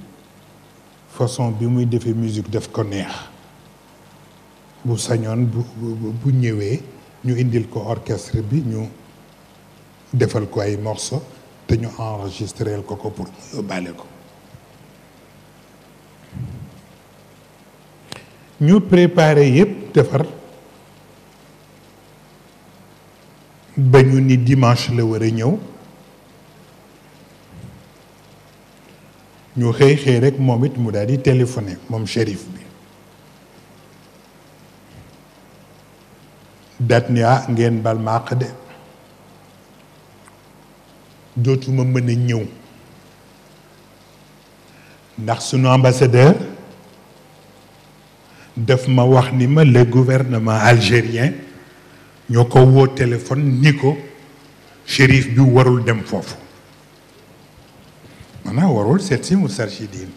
façon bi muy defee musique def ko neex bu sañoon bu bu ñëwee ñu indil ko orchestre bi ñu defal ko ay morso te ñu enregistreel ko ko pour mu yóbbaale ko ñu préparé yépp defar ba ñu ni dimanche la war ñëw ñu xëy xëy rek moom it mu daal di téléphoné moom shérif bi daat ni ah ngeen bal ma àq de mën a ñëw ndax sunu ambassadeur daf ma wax ni ma le gouvernement algérien ñoo ko woo téléphone ni ko shérif bi warul dem foofu maanaam warul seet si Moustarchidine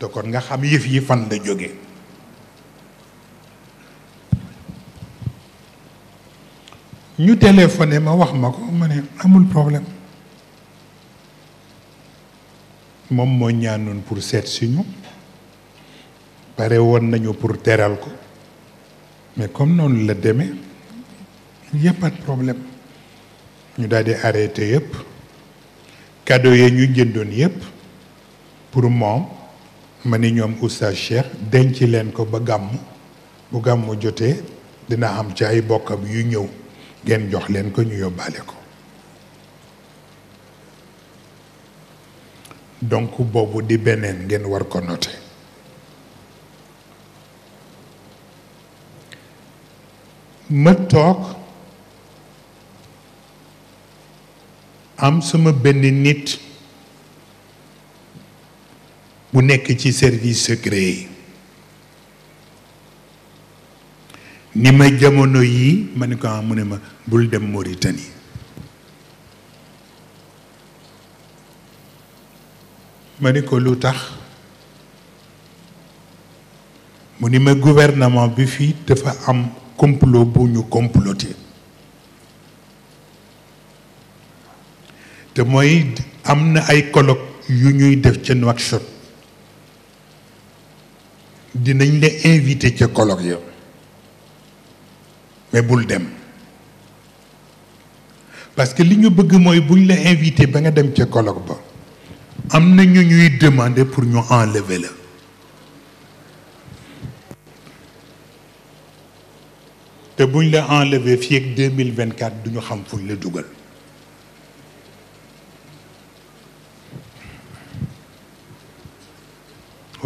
te kon nga xam yëf yi fan la jóge ñu téléphoné ma wax ma ko ma ne amul problème moom moo ñaanoon pour seet si ñu pare woon nañu pour teral ko mais comme noonu la deme yëpp at problème ñu daal di arrêté yëpp cadeau yi ñu jëndoon yépp pour moom ma ni ñoom oustaz Cheikh denc leen ko ba gàmm bu gàmm jotee dina am ci ay bokkam yu ñëw ngeen jox leen ko ñu yóbbaale ko donc boobu di beneen ngeen war ko noté ma toog am sama benn nit bu nekk ci service secret yi ni ma jamono yii ma ne ko am ah, mu ne ma bul dem Mauritanie ma ne ko lu tax mu ni ma gouvernement bi fii dafa am complot bu ñu comploté te mooy am na ay colloque yu ñuy def ca Nouakchott dinañ la invité ca colloque ya mais bul dem parce que li ñu bëgg mooy buñ la invité ba nga dem ca colloque ba am na ñu ñuy demander pour ñu enlever la te bu ñu la enlever fii ak mille vingt quatre du ñu xam fuñ la dugal.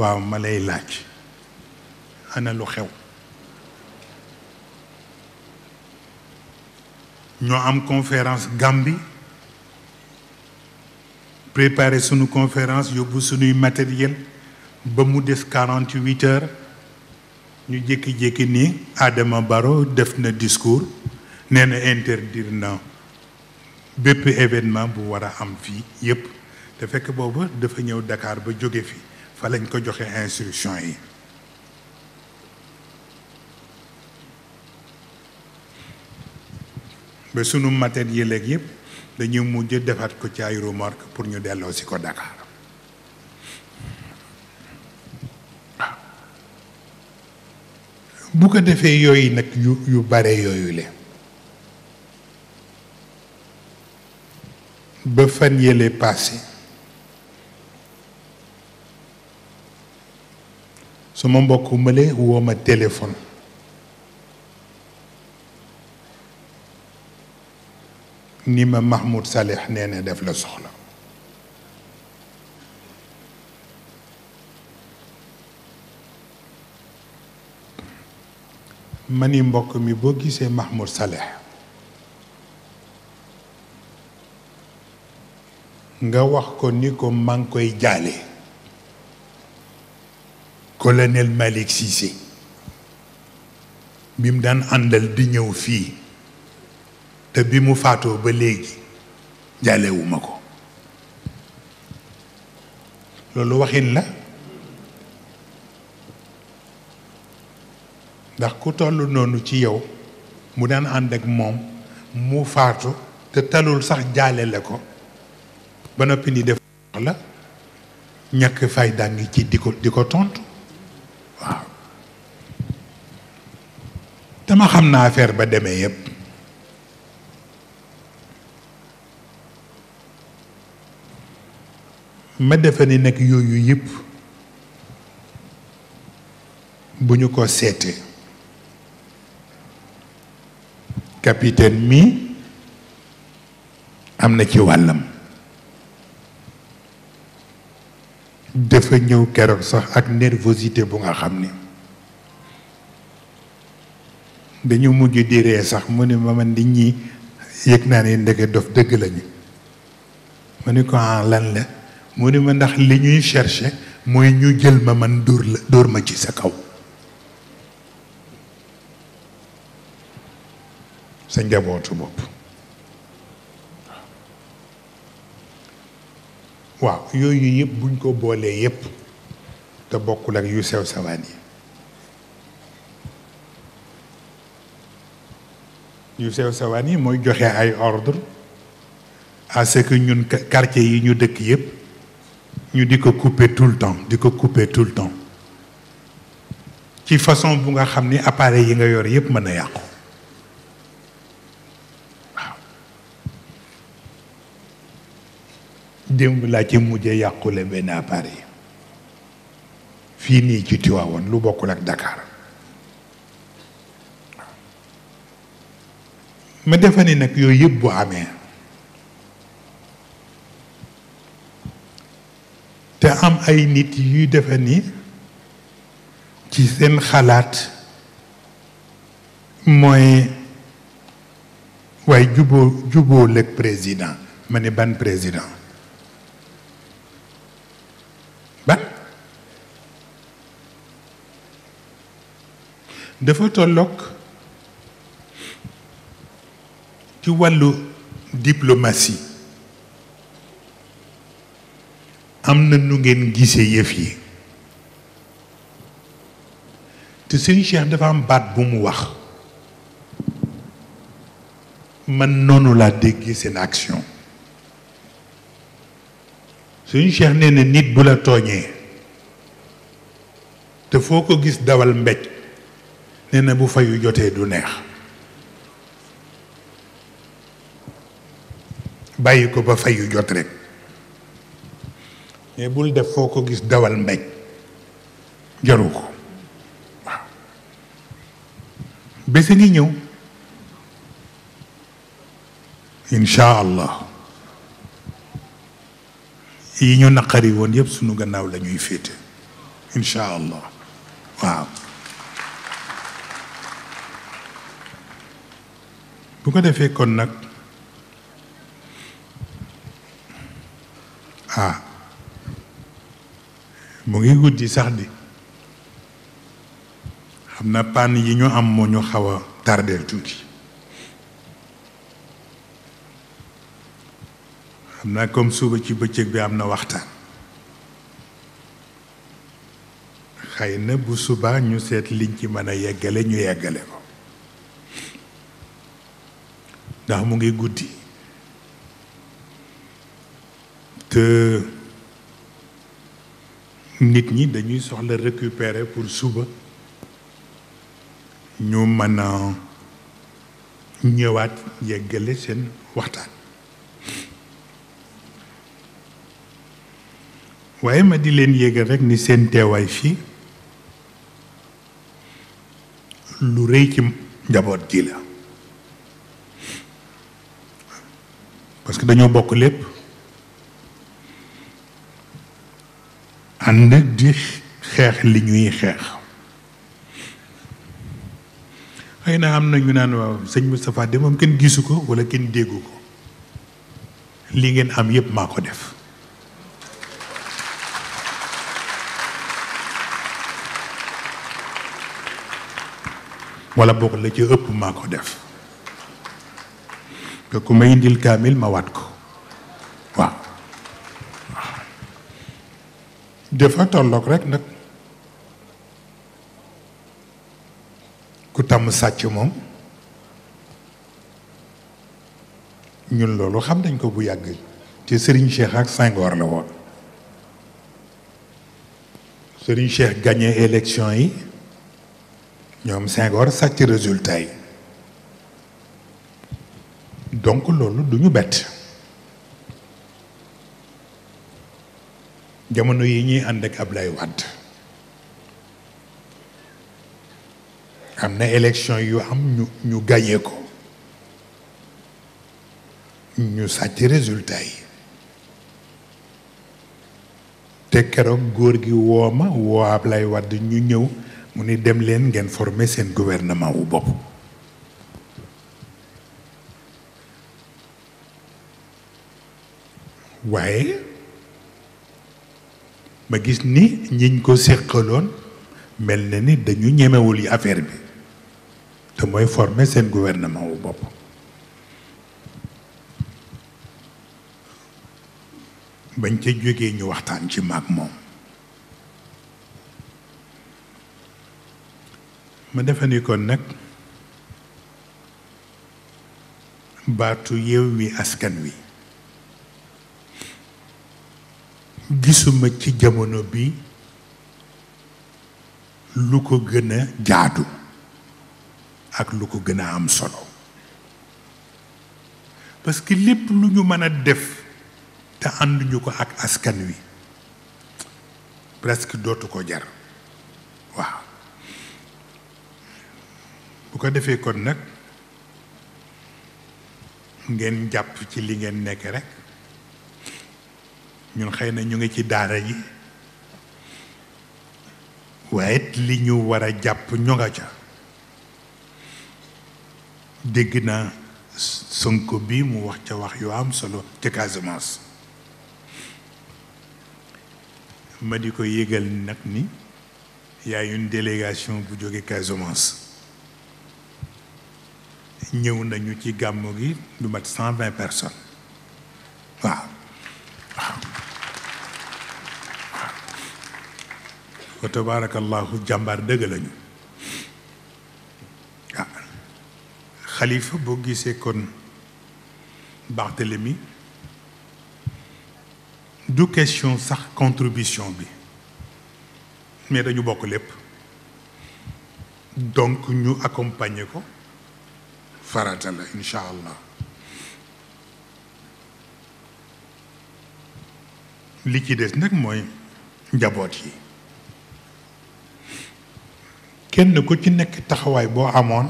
waaw ma lay laaj ana lu xew ñoo am conférence Gambie préparer sunu conférence yóbbu sunuy matériel ba mu des quarante huit ñu jékki-jékki ni Adama Barrow def na discours nee na interdire na bépp événement bu war a am fii yépp te fekk boobu dafa ñëw Dakar ba jóge fii fa lañ ko joxe instruction yi ba sunu matériel ak yëpp dañu mujj defaat ko ci ay remorque pour ñu delloo si ko Dakar bu ko defee yooyu nag yu yu bare yooyule ba fan yële passé suma mbokk mële woo ma téléphone ni ma Mahmoud Saleh nee na def la soxla ma ni mbokk mi boo gisee Mahmoud Saleh nga wax ko ni ko maa ngi koy jaale colonel Malick Cissé bi mu daan àndal di ñëw fii te bi mu faatoo ba léegi jàllewuma ko loolu waxin la ndax ku toll noonu ci yow mu daan ànd ak moom mu faatu te talul sax jaale la ko ba noppi ni def la ñàkk fay daa ngi ci di ko di ko tontu waaw dama xam naa affaire ba demee yépp ma defe ni nag yooyu yépp bu ñu ko seete capitaine mi am na ci wàllam dafa ñëw keroog sax ak nervosité bu nga xam ni dañu mujj di ree sax mu ne ma man nit ñi yëg naa ne ndeke dof dëgg lañu ma ne ko ah lan la mu ne ma ndax li ñuy cherché mooy ñu jël ma man dóor la dóor ma ci sa kaw sa njabootu bopp waaw yooyu yëpp buñ ko boolee yëpp te bokkul ak yu sew sawaan yi sew sawaan mooy joxe ay ordre à ce que ñun quartier yi ñu dëkk yëpp ñu di ko couper toul temps di ko couper tout temps ci façon bu nga xam ni appareil yi nga yor yëpp mën a yàqu démb laa ci mujje yàqule benn appareil fii nii ci Tiwaawoon lu bokkul ak Dakar ma defe ni nag yooyu yëpp bu amee te am ay nit yuy defe ni ci seen xalaat mooy waaye juboo juboo lëg président ma ne ban président ban dafa tolloog ci wàllu diplomatie am na nu ngeen gisee yëf yi te sëñ Cheikh dafa am baat bu mu wax man noonu laa déggee seen action suñu Cheikh nee na nit bu la tooñee te foo ko gis dawal mbéj nee na bu fayu jotee du neex bàyyi ko ba fayu jot rek mais bul def foo ko gis dawal mbéj jaru ko waaw bés ngi ñëw incha allah yi ñu naqari woon yëpp suñu gannaaw la féete incha allah waaw bu ko defee kon nag ah mu ngi guddi sax di xam na pann yi ñu am moo ñu xaw a tardeel tuuti xam naa comme suba ci bëccëg bi am na waxtaan xëy na bu suba ñu seet liñ ci mën a yeggale ñu yeggale ko ndax mu ngi guddi te nit ñi dañuy soxla récupérer pour suba ñu mën a ñëwaat yeggale seen waxtaan waaye ma di leen yéegal rekk ni seen teewaay fii lu rëy ci jaboot ji la parce que dañoo bokk lépp ànd di xeex li ñuy xeex xëy na am na ñu naan waaw sëñ Moustapha de moom kenn gisu ko walla kenn déggu ko li ngeen am yépp maa ko def wala boog la ci ëpp maa ko def te ku ma indil kaamil ma waat ko waaw dafa tolloog rek nag ku tàmm sàcc moom ñun loolu xam nañ ko bu yàgg te Serigne Cheikh ak Senghor la woon Serigne Cheikh gagné élection yi ñoom Senghor sàcc résultat yi donc loolu du ñu bett jamono yi ñuy ànd ak Ablaye Wade am na élection yu am ñu ñu gagné ko ñu sàcc résultat yi te keroog góor gi woo ma woo Ablaye Wade ñu ñëw mu ni dem leen ngeen former seen gouvernement wu bopp waaye ma gis ni ñiñ ko séqaloon mel na ni dañu ñemewul yi affaire bi te mooy forme seen gouvernement wu bopp bañ ca jógee ñu waxtaan ci maag moom ma defe kon nag baatu wi Askan Wi gisuma ci jamono bi lu ko gën a jaadu ak lu ko gën a am solo parce que lépp lu ñu mën a def te ànduñu ko ak askan wi presque dootu ko jar waaw bu ko defee kon nag ngeen jàpp ci li ngeen nekk rek ñun xëy na ñu ngi ci daara yi waaye li ñu war a jàpp ñu nga ca dégg na Sonko bi mu wax ca wax yu am solo ca Casamance ma di ko yëgal nag ni y une délégation bu jóge Casamance ñëw nañu ci gàmmu gi lu mat cent vingt personnes waaw waaw wa tabaarakallahu jàmbaar dëgg lañu waaw xalifa boo gisee kon Barthélemy du question sax contribution bi mais dañu bokk lépp donc ñu accompagner ko farata la incha allah li ci des nag mooy njaboot yi kenn ku ci nekk taxawaay boo amoon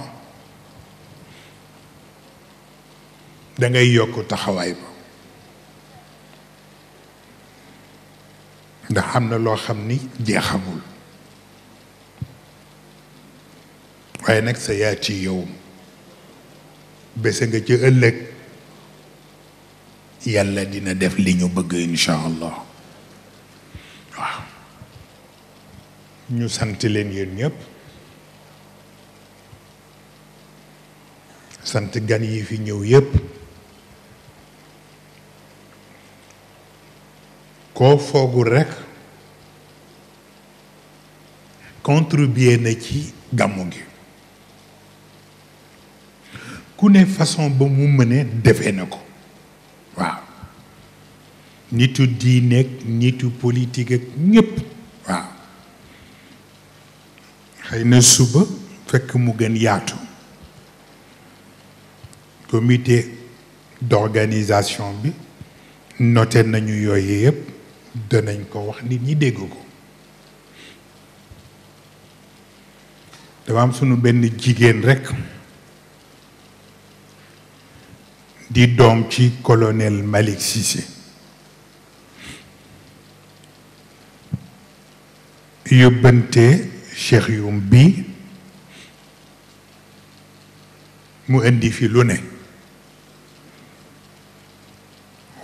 dangay yokk taxawaay ba ndax am na loo xam ni jeexamul waaye nag sa ci yowm bés nga ci ëllëg yàlla dina def li ñu bëgg incha allah waaw ñu sant leen yéen ñëpp sant gan yi fi ñëw yépp koo foogul rekk contribuer na ci gàmmu gi ku ne façon ba mu mënee defee na ko waaw nitu diine ak nitu politique ak ñépp waaw xëy na suba fekk mu gën yaatu comité d'organisation bi noté nañu yooyu yépp danañ ko wax nit ñi dégg ko dafa am sunu benn jigéen rekk di doom ci colonel Malick Cissé yóbbante Cheikh bi mu indi fi lu ne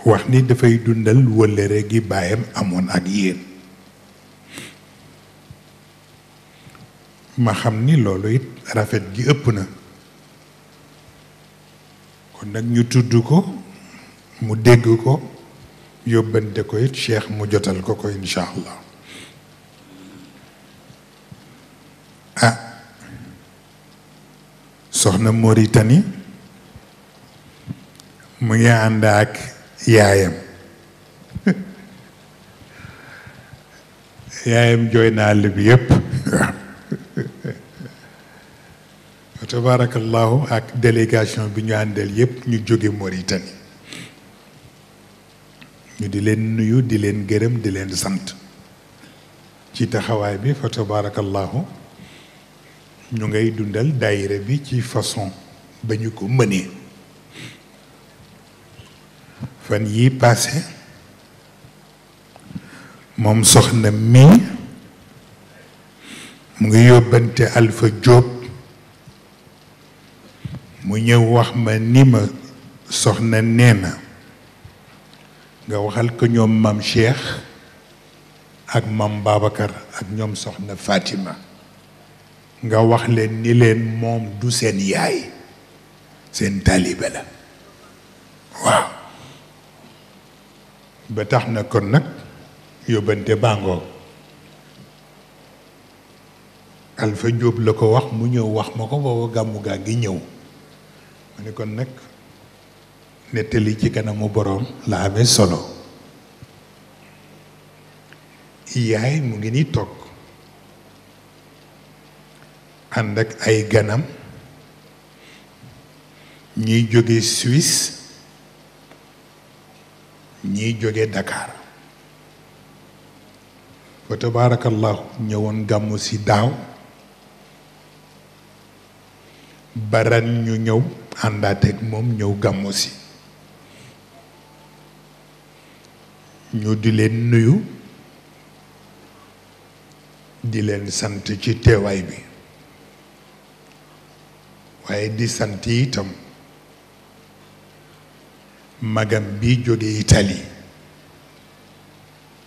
wax ni dafay dundal wëllëre gi baayam amoon ak yéen ma xam ni loolu it rafet gi ëpp na kon nag ñu tudd ko mu dégg ko yóbbante ko it mu jotal ko ko incha allah ah soxna Moritani mu ngi ànd ak yaayam yaayam jooy na li bi yépp fa tabarakallahu ak délégation bi ñu àndal yépp ñu jóge Mauritanie ñu di leen nuyu di leen gërëm di leen sant ci taxawaay bi fa tabarakallahu ñu ngay dundal daayira bi ci façon ba ñu ko mënee fan yi passé moom soxna mii mu ngi yóbbante Alpha Diop mu ñëw wax ma ni ma soxna nee na nga waxal ko ñoom maam Cheikh ak maam Babacar ak ñoom soxna Fatima nga wax leen ni leen moom du seen yaay seen taalibe la waaw ba tax na kon nag yóbbante bàngoo Alfa Jóob la ko wax mu ñëw wax ma ko booba gàmmu gaa ngi ñëw mu ne kon nag nettali ci kanamu boroom la amee solo yaay mu ngi ni toog ànd ak ay ganam ñuy jóge Suisse ñuy jóge Dakar wa tabaarakallahu ñëwoon gàmmu ci daaw baran ñu ñëw àndaateeg moom ñëw gàmmu si ñu di leen nuyu di leen sant ci teewaay bi waaye di sant itam magam bi jóge Italie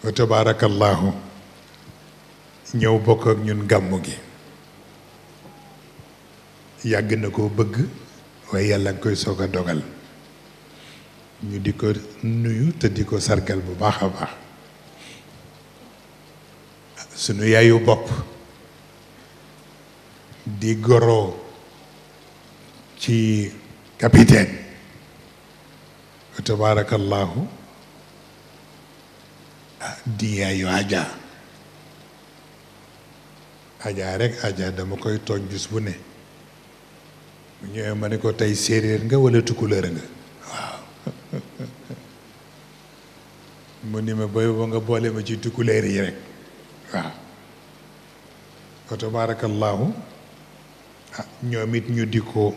wa tabarakallahu ñëw bokk ak ñun gàmmu gi yàgg na koo bëgg waaye yàlla nga koy soog a dogal ñu di ko nuyu te di ko sargal bu baax a baax sunu yaayu bopp di goro ci capitaine wa tabaarakallaahu di yaayu ajaa aja rek aja dama koy tooñ bis bu ne ma ne ko tey séeréer nga wala tukkuleer nga waaw ma boy ba nga ma ci tukkuleer yi rek waaw wa tabaarakallaahu ah, ñoom it ñu di ko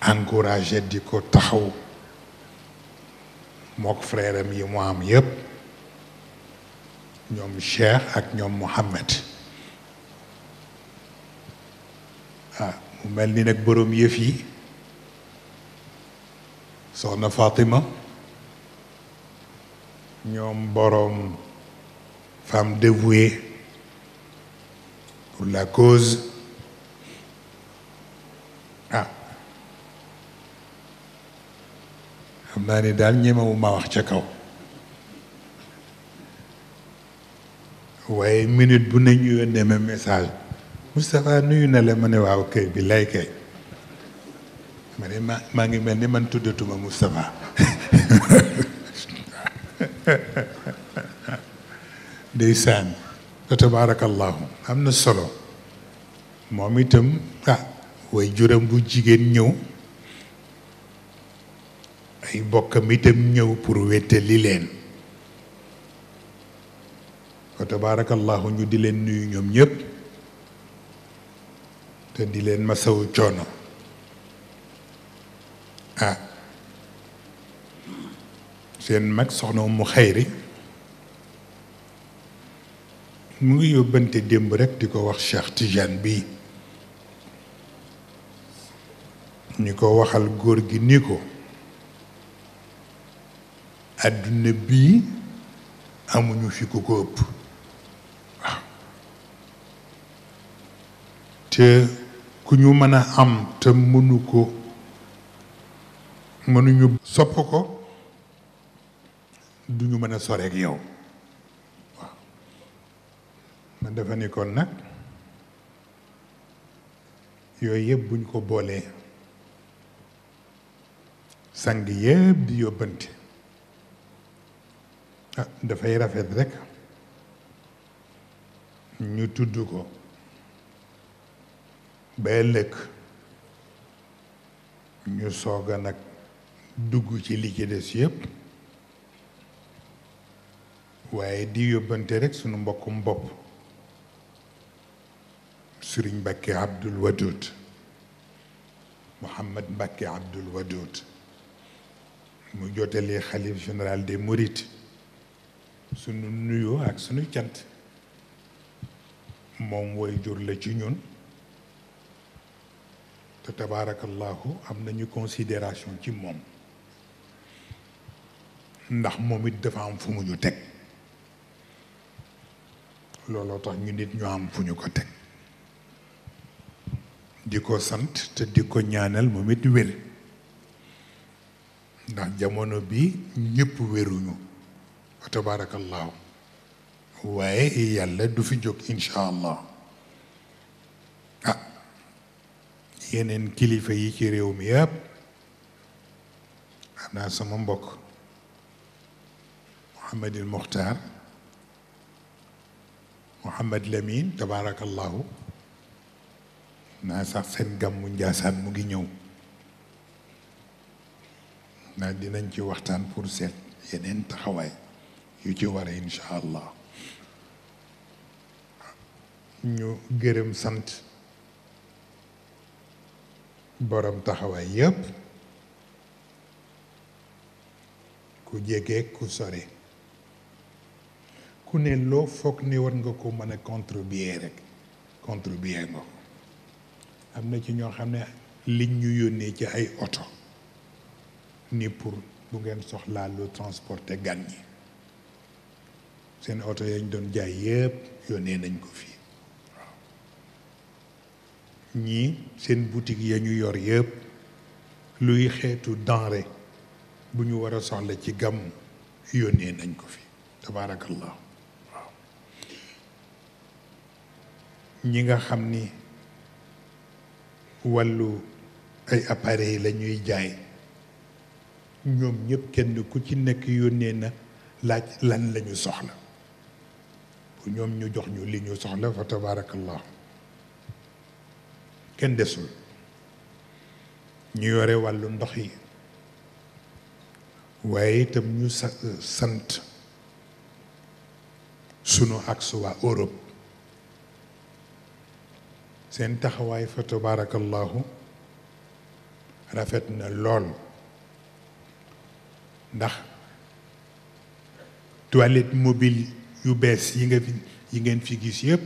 encouragé di ko taxaw mook frère yi mu am yépp ñoom Cheikh ak ñoom Mohammed mu mel ni nag boroom yëf yi soxna Fatima ñoom boroom femme dévouée pour la cause ah xam naa ni daal ñemewu wax ca kaw waaye minute bu ne ñu yónnee ma message Moustapha nuyu na la ma ne waaw kay bi lay kay ma ne maa ngi mel ni man tuddatuma Moustapha ndeysaan wa tabarakallahu am na solo moom itam ah way juram bu jigéen ñëw ay bokkam itam ñëw pour wéttali leen wa ñu di leen nuyu ñoom ñëpp te di leen ma masawu coono ah seen mag soxna mu xayri mu ngi yóbbante démb rek di ko wax Cheikh Tidiane bi ñu ko waxal góor gi ni ko àdduna bii amuñu fi ku ko ëpp te ku ñu mën a am te mënu ko mënuñu sopp ko duñu mën a soreek yow waaw man dafa ni nag yooyu yëpp buñ ko boolee sang yëpp di yóbbante ah dafay rafet rek ñu tudd ko ba ëllëg ñu soog a nag dugg ci li des yëpp waaye di yóbbante rek sunu mbokkum mbokk sëriñ Mbàkke Abdul Wadud Mouhamad Mbàkke Abdul Wadud mu jotali xalif général de Mourides sunu nuyoo ak sunu cant moom woy jur la ci ñun te tabaarakallahu am nañu considération ci moom ndax moom it dafa am fu mu ñu teg looloo tax ñu nit ñu am fu ñu ko teg di ko sant te di ko ñaanal moom it wér ndax jamono bi ñëpp wéruñu tabaarakallahu waaye yàlla du fi jóg incha allah yeneen kilifa yi ci réew mi yëpp am naa sama mbokk Mouhamadil Mokhtar Mouhamad Lamine tabarakallahu naa sax seen gàmmu Njaasaan mu ngi ñëw naa dinañ ci waxtaan pour seet yeneen taxawaay yu ci ware incha allah ñu gërëm sant borom taxawaay yépp ku jege ku sore ku ne loo foog ni war nga ko mën a contribuer rek contribuer nga ko am na ci ñoo xam ne liñ ñu yónnee ci ay oto ni pour bu ngeen soxlaa lu transporter gan ñi seen oto yañ doon jaay yépp yónnee nañ ko fii ñii seen boutique ya ñu yor yëpp luy xeetu denrée bu ñu war a soxla ci gàmm yónnee nañ ko fi tabaarakallah ñi nga xam ni wàllu ay appareil la ñuy jaay ñoom ñëpp kenn ku ci nekk yónnee na laaj lan la ñu soxla bu ñoom ñu jox ñu li ñu soxla fa tabaarakallah kenn desul ñu yore wàllu ndox yi waaye itam ñu sa sant sunu ak su waa Europe seen taxawaay fa tabaarakallaahu rafet na lool ndax toilette mobile yu bees yi nga fi yi ngeen fi gis yëpp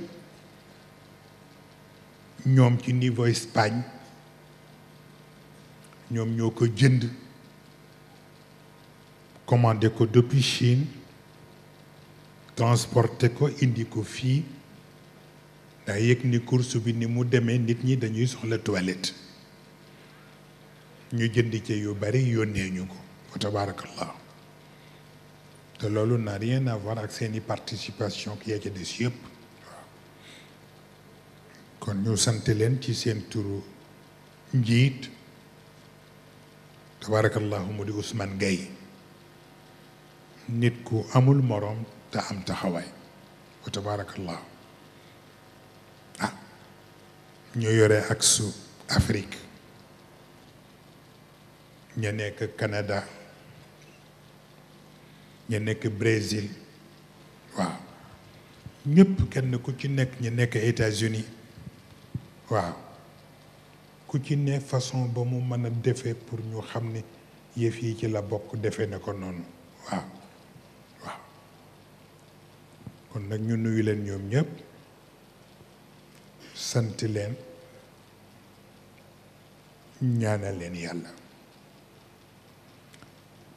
ñoom ci niveau Espagne ñoom ñoo ko jënd commandé ko depuis Chine transporté ko indi ko fii daa yëg ni course bi ni mu demee nit ñi dañuy soxla toilette ñu jënd ci yu bari yónnee ñu ko wa tabarakallah te loolu n'a rien à ak seeni participation ki yee ca des yëpp kon ñu sant leen ci seen turu njiit tabarakallahu mu di Ousmane Gueye nit ku amul moroom te am taxawaay wa tabarakallahu ah ñu yore ak su Afrique ña nekk Canada ñu nekk Brésil waaw ñëpp kenn ku ci nekk ñu nekk États-Unis waaw ku ci ne façon ba mu mën a defe pour ñu xam ne yëf yi ci la bokk defee na ko noonu waaw waaw kon nag ñu nuyu leen ñoom ñépp sant leen ñaanal leen yàlla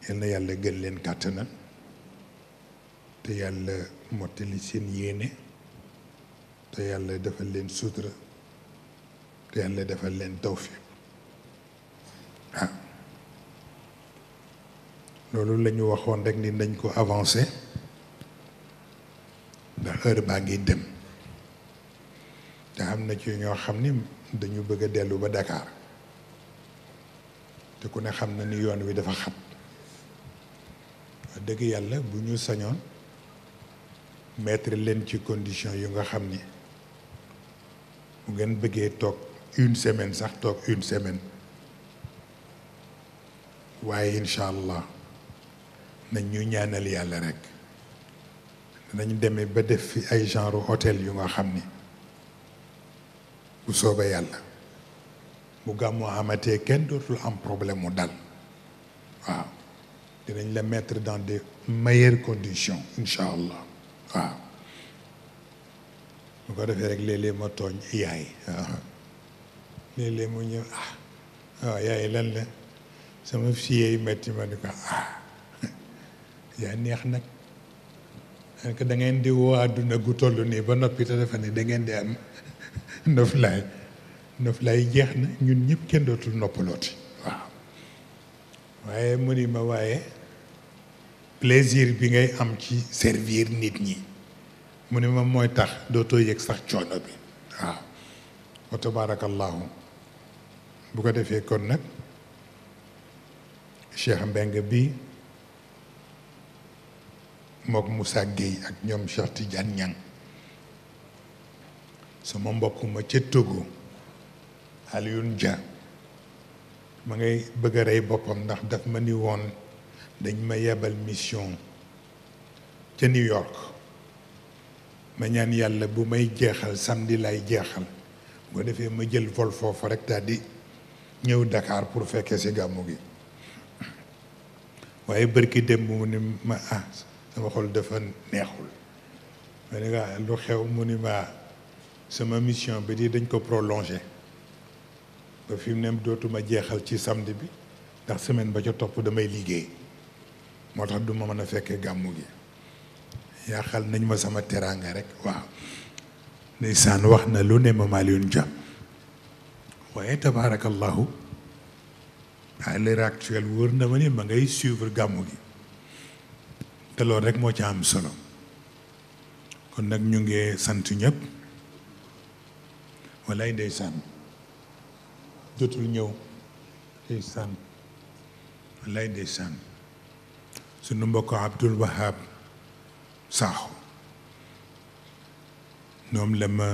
yal na yàlla gën leen kàttanal te yàlla mottali seen yéene te yàlla defal leen sutura te yàlla defal leen tawfiq waaw ah. loolu lañu waxoon rek ni nañ ko avancé ndax heure baa ngi dem te am na ci ñoo xam ni dañu bëgg dellu ba dakaar te ku ne xam na ni yoon wi dafa xat dëgg yàlla bu ñu sañoon metri leen ci condition yu nga xam ni bu ngeen bëggee toog une semaine sax toog une semaine waaye incha allah nañ ñu ñaanal yàlla rek danañ deme ba def fi ay genre hôtel yu nga xam ni bu soobee yàlla bu gàmmu amatee kenn dootul am problème mu dal waaw dinañ la mettre dans de meilleures condition incha allah waaw bu ko defee rek léeg-léeg ma tooñ yaay léeg-léeg mu ñëw ah waaw yaay lan la sama fiyey metti ma di ko ah yaa neex nag parce que di woo àdduna gu toll nii ba noppi te dafa ne da ngeen di am noflaay noflaay jeex na ñun ñëpp kenn dootul noppalooti waaw waaye mu ni ma waaye plaisir bi ngay am ci servir nit ñi mu ni ma mooy tax dootoo yëg sax coono bi waaw wa tabarakallahu bu ko defee kon nag Cheikh Mbengue bi mook Moussa Gueye ak ñoom Cheikh Tidiane ñan sama mbokk ma ca Togo Alioune Dia ma ngay bëgg a rey boppam ndax daf ma ni woon dañ ma yebal mission ca New York ma ñaan yàlla bu may jeexal samedi lay jeexal boo defee ma jël vol foofu rek daal di ñëw Dakar pour fekkee si gàmmu gi waaye bërki dem mu ni ma ah sama xol dafa neexul ma ah, lu xew mu ni ma sama mission bi di dañ ko prolongé ba fi mu ne dootuma jeexal ci samedi bi ndax semaine ba ca topp damay liggéey moo tax du ma mën a fekkee gàmmu gi yaaxal nañ ma sama teraanga rek waaw ndeysaan wax na lu ne ma Maliou Dia waaye tabaarakallahu à l'heure actuelle wóor na ma ma ngay suivre gàmmu gi te loolu rek moo ci am solo kon nag ñu ngi sant ñëpp walaay ndeysaan jotul ñëw ndeysaan walaay ndeysaan sunu mbokk Abdul Wahab Sakho ñoom la ma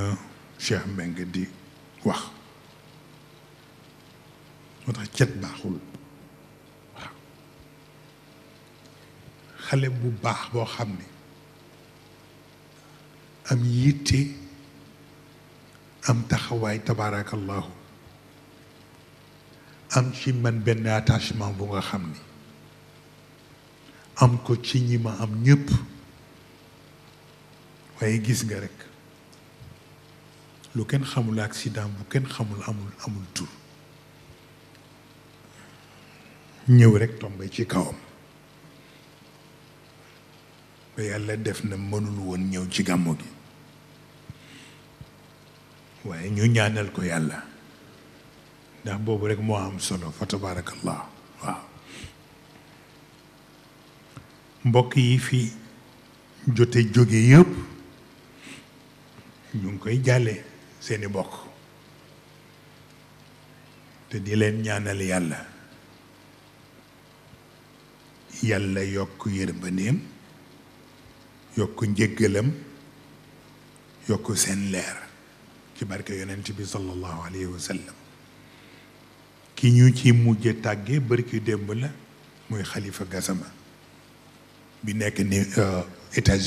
Cheikh Mbengue di wax moo tax cet baaxul waaw xale bu baax boo xam ne am yitte am taxawaay tabaarakallaahu am ci man benn attachement bu nga xam ni am ko ci ñi ma am ñëpp waaye gis nga rekk lu kenn xamul accident bu kenn xamul amul amul tur ñëw rekk tombe ci kawam ba yàlla def na mënul woon ñëw ci gàmmu gi waaye ñu ñaanal ko yàlla ndax boobu rekk moo am solo fa tabaarakallah waaw mbokk yi fi jote jóge yëpp ñu ngi koy jàlle seeni bokk te di leen ñaanal yàlla yàlla yokk yërmandeem yokk njëggalam yokk seen leer ci barke yonent bi sallallahu alayhi wa sallam ki ñu ci mujj tàgge barki démb la muy xalifa Gassama bi nekk ni euh, états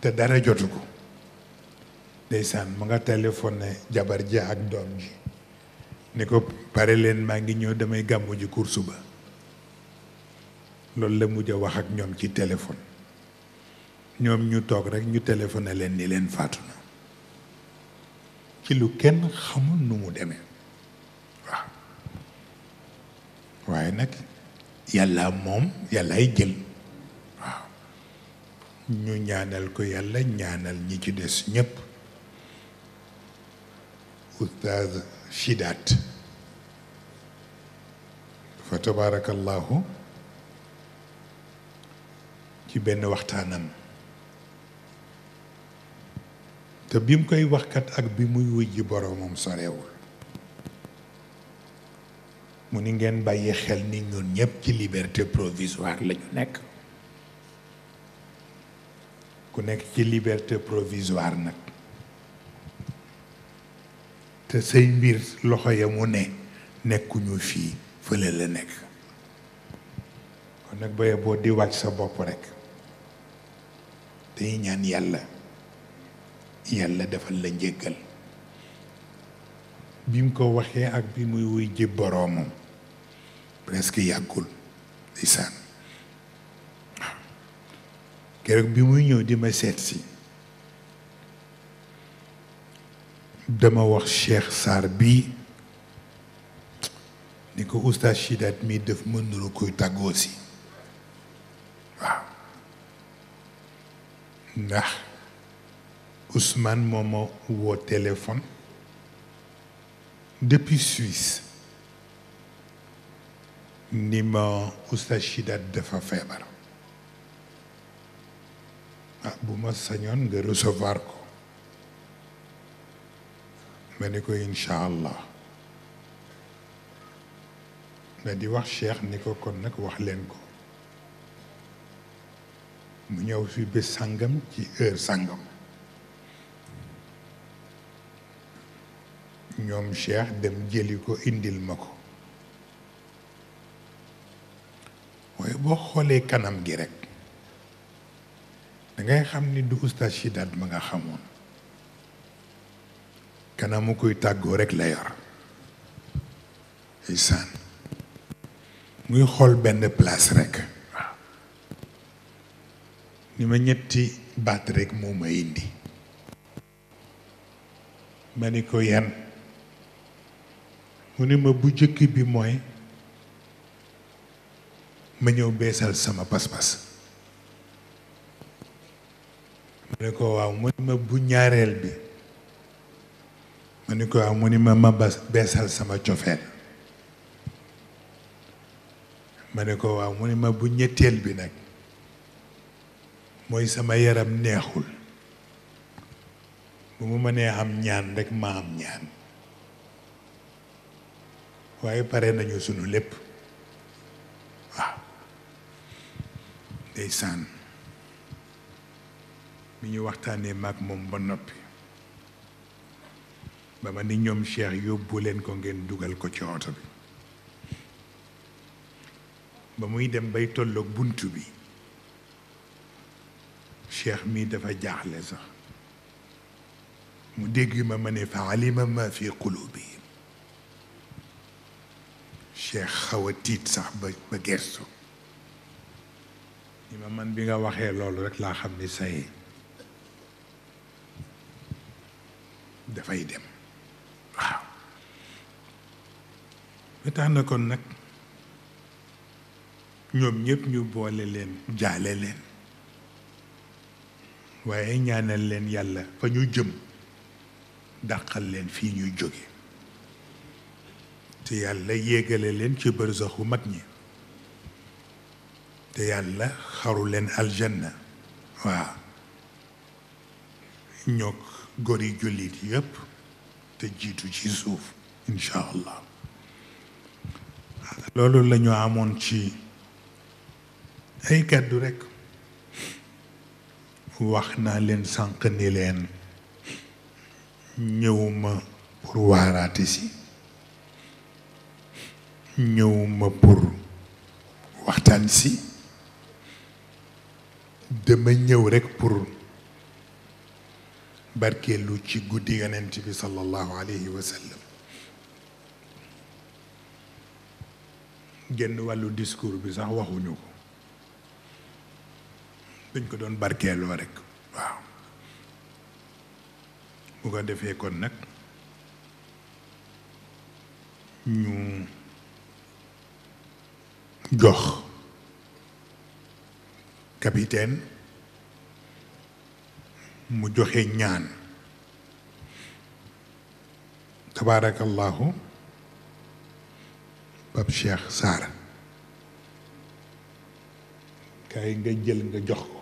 te dara jotu ko ndeysaan mu nga téléphoné jabar ji ak doom ji ni ko pare leen maa ngi ñëw damay gàmmu ji kursu ba loolu la mujj a wax ak ñoom ci téléphone ñoom ñu toog rekk ñu téléphoné leen ni leen faatu na ci lu kenn xamul nu mu demee waaw waaye nag yàlla moom yàllaay jël waaw ñu ñaanal ko yàlla ñaanal ñi ci des ñépp oustaz Chidaat fa tabarakallahu ci benn waxtaanam te bim koy waxkat ak bi muy wujj boroomam sorewul mu ni ngeen bàyyi xel ni ñun ñëpp ci liberté provisoire la nekk ku nekk ci liberté provisoire nag te say mbir loxo ya mu ne nekkuñu fii fële la nekk kon nag ba boo di wàcc sa bopp rekk dañuy ñaan yàlla yàlla defal la njéggal bi mu ko waxee ak bi muy wuy ji boroomam presque yàggul ndeysaan waaw keroog bi muy ñëw di ma seet si dama wax Cheikh Sarr bi ni ko oustaz Chidat mi def mën nuru kuy tàggoo si ndax Ousmane moo ma woo téléphone depuis Suisse ni ma Oustaz Sidat dafa feebar ah bu ma sañoon nga recevoir ko ma ni ko incha allah ma di wax Cheikh ni ko kon nag wax leen ko mu ñëw fi bés sàngam ci heure sàngam ñoom Cheikh dem jëli ko indil ma ko waaye boo xoolee kanam gi rek dangay xam ni du oustaz Sidaat ma nga xamoon kanamu koy tàggoo rek la yor isaan muy xool benn place rek ni ma ñetti baat rek moo ma indi ma ni ko yan mu ni ma bu jëkk bi mooy ma ñëw beesal sama pas-pas ma ni ko waaw mu ne ma bu ñaareel bi ma ni ko waaw mu ni ma ma beesal sama cofeel ma ne ko waaw mu ni ma bu ñetteel bi nag mooy sama yaram neexul bu mu mënee am ñaan rek ma am ñaan waaye pare nañu sunu lépp waaw ndeysaan mi ñu waxtaanee maag moom ba noppi ba ma ni ñoom Cheikh yóbbu leen ko ngeen dugal ko ci oto bi ba muy dem bay tolloog bunt bi cheikh mii dafa jaaxle sax mu dégg ma ma ne fa alima ma fi qulubihim cheikh xaw a tiit sax ba ba gerso ni ma man bi nga waxee loolu rekk laa xam ne say dafay dem waaw ba tax kon nag ñoom ñëpp ñu boole leen jaale leen waaye ñaanal leen yàlla fa ñu jëm dàqal leen fii ñuy jóge te yàlla yéegale leen ci bërsaxu mag ñi te yàlla xaru leen waa waaw ñoog yi jullit yépp te jiitu ci suuf incha allah loolu la amoon ci ay kàddu rekk wax naa leen sànq ni leen ñëwuma pour waaraate si ñëwuma pour waxtaan si dama ñëw rekk pour barkeelu ci guddi yonent bi sallallahu alayhi wa sallam wàllu discours bi sax waxuñu ko dañ ko doon barkeeloo rek waaw bu ko defee kon nag ñu jox capitaine mu joxe ñaan tabarakallahu Pape Cheikh Sarr nga jël nga jox ko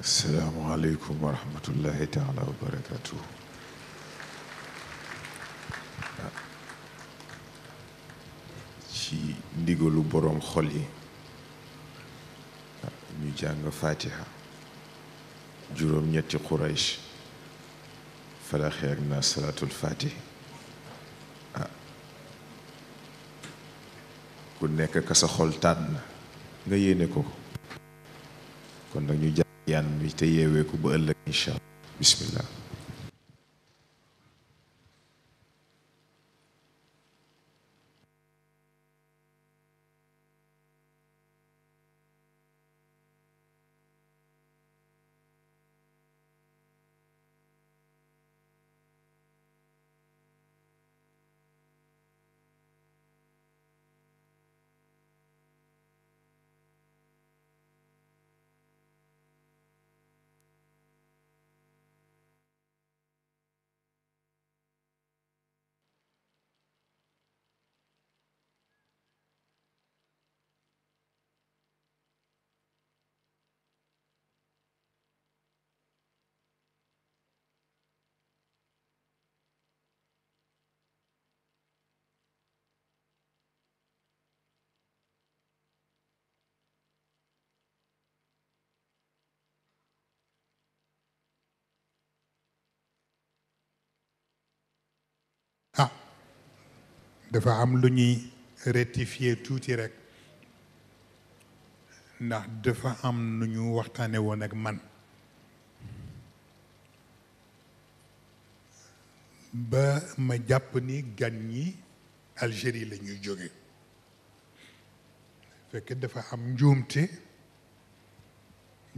asalaamualeykum wa rahmatullahi taala wa barakatuh ci ndigalu boroom xol yi ñu jàng fatiha juróom-ñetti Quraysh falaxe ak na salaatul fatih ku nekk ka sa xol tànn nga yéene ko kon nag ñu jàng yan wi te yeewee ko ba ëllëg incha allah bismillah dafa am lu ñuy rectifier tuuti rek ndax dafa am nu ñu waxtaane woon ak man ba ma jàpp ni gan ñi algerie la ñuy jóge fekk dafa am njuumte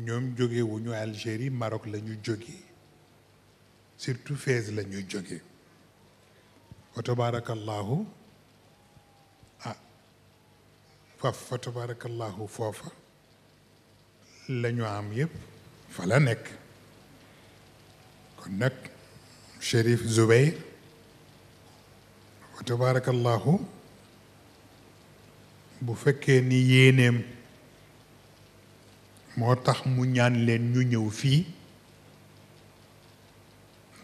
ñoom jóge wu ñu Algérie Maroc la ñu jóge surtout Fès lañuy ñu jóge wa tabarakallahu faf fa tabarakallahu am yëpp fa nekk kon nag Chérif Zoubeir fa bu fekkee ni yéeneem moo tax mu ñaan leen ñu ñëw fii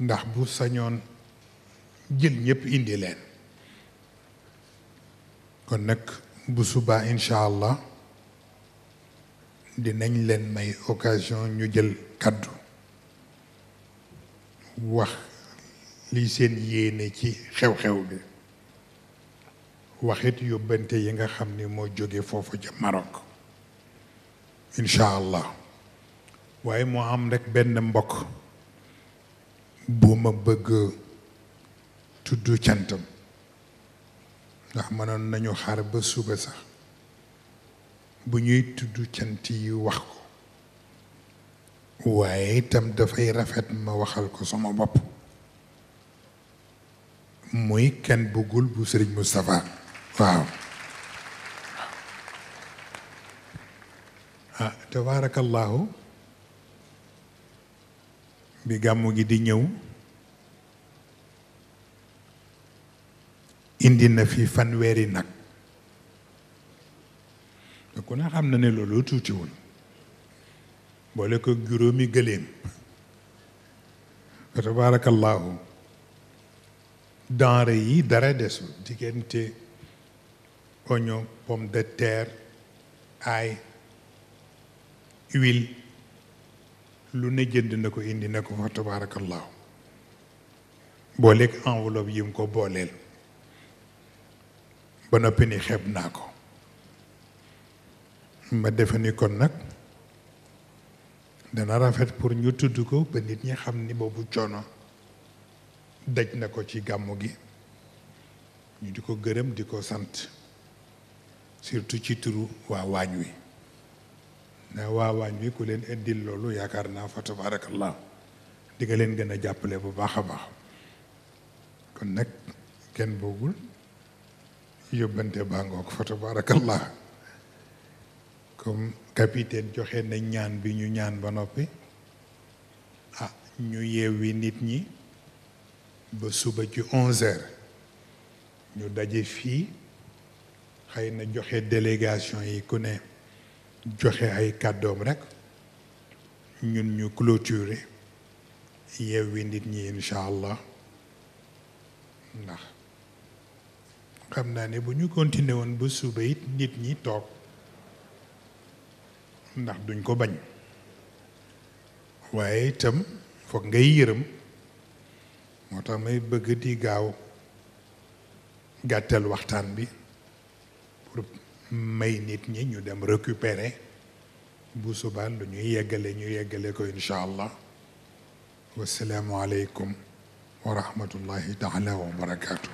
ndax bu sañoon jël ñépp indi leen kon nag bu subaa incha allah dinañ leen may occasion ñu jël kàddu wax li seen yéene ci xew-xew bi waxit yóbbante yi nga xam ni moo jóge foofu ca Maroc incha allah waaye moo am rekk benn mbokk bu ma bëgg tudd cantam ndax mënoon nañu xaar ba suba sax bu ñuy tudd cant yi wax ko waaye itam dafay rafet ma waxal ko sama bopp muy kenn bëggul bu Serigne Moustapha waaw ah tabaarakallaahu bi gàmmu gi di ñëw indi na fi fanweeri nag te ku na xam na ne loolu tuutiwul boole ko juróomi gëléem fa tabaarakallaahu denre yi dara desul diggante oignon pomme de terre ay huile lu ne jënd na ko indi na ko fa tabaarakallaahu booleeg enveloppe yi mu ko booleel ba noppi ni xeeb naa ko ma defe ni kon nag dana rafet pour ñu tudd ko ba nit ñi xam ni boobu coono daj na ko ci gàmmu gi ñu di ko gërëm di ko sant surtout ci turu waa waañ wi na waa waañ wi ku leen indil loolu yaakaar naa fa tabarakallah di nga leen gën a jàppale bu baax a baax kon nag kenn boogul yóbbante baa ngoog fa tabarakallah comme capitaine joxe na ñaan bi ñu ñaan ba noppi ah ñu yeewi nit ñi ba suba ci onze heures ñu daje fii xëy na joxe délégation yi ku ne joxe ay kàddoom rekk ñun ñu clôturer yeewi nit ñi incha allah ndax xam naa ni bu ñu continuer woon ba suba it nit ñi toog ndax duñ ko bañ waaye itam foog ngay yërëm moo tax may bëgg di gaaw gàttal waxtaan bi pour may nit ñi ñu dem récupérer bu subaa lu ñuy yeggale ñu yeggale ko incha allah wasalaamualeykum wa rahmatullahi taala wa barakaatu.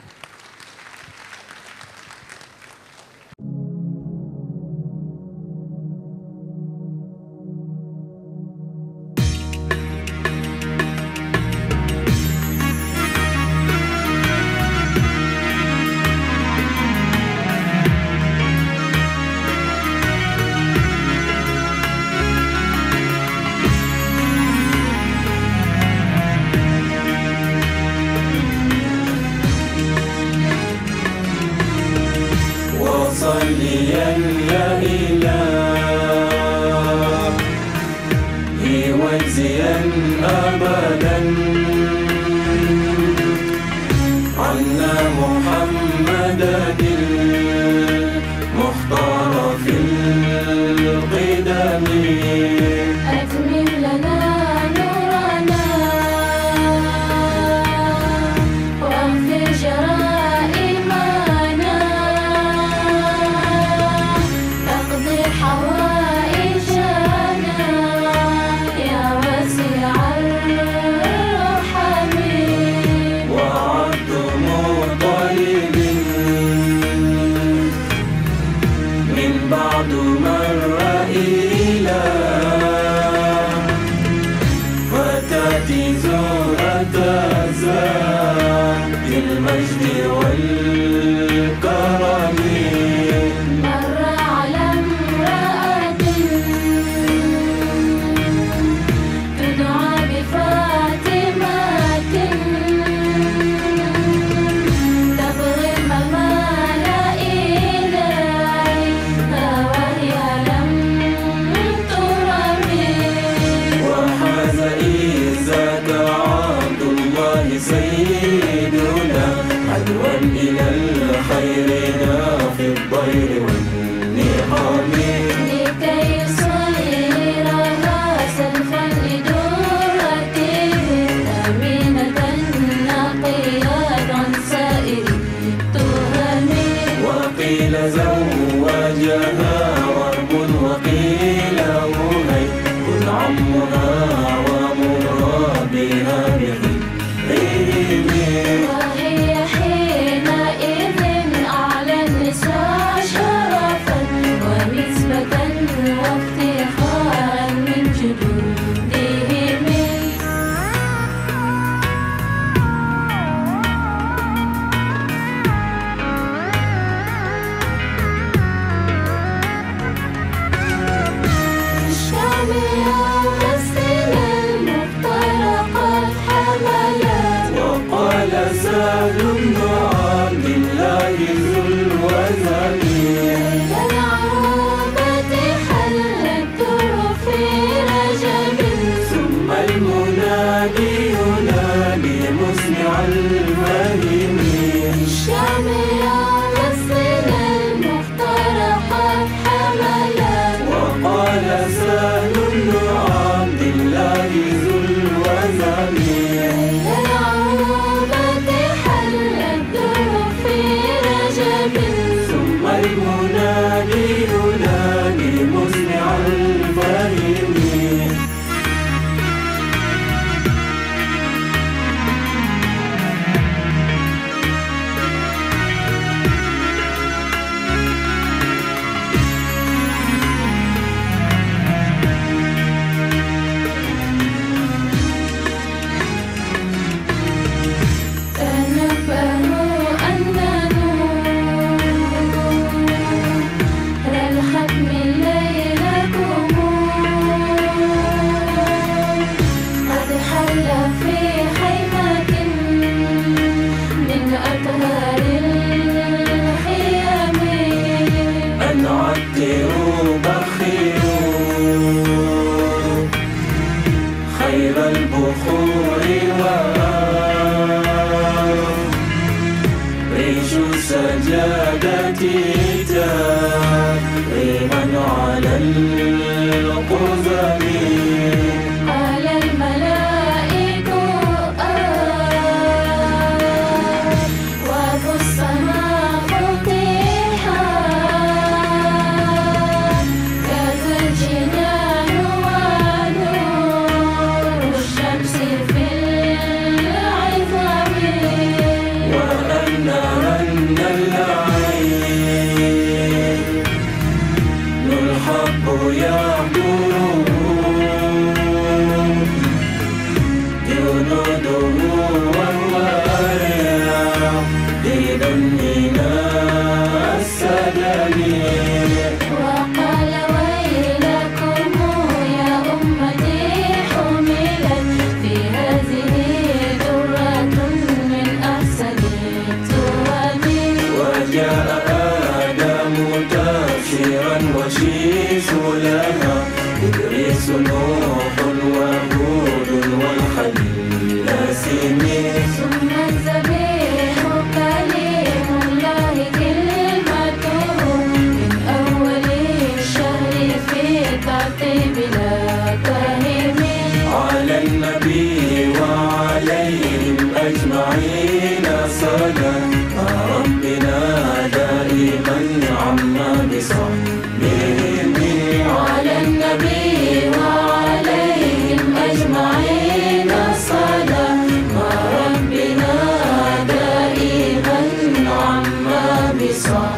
só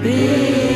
brilha.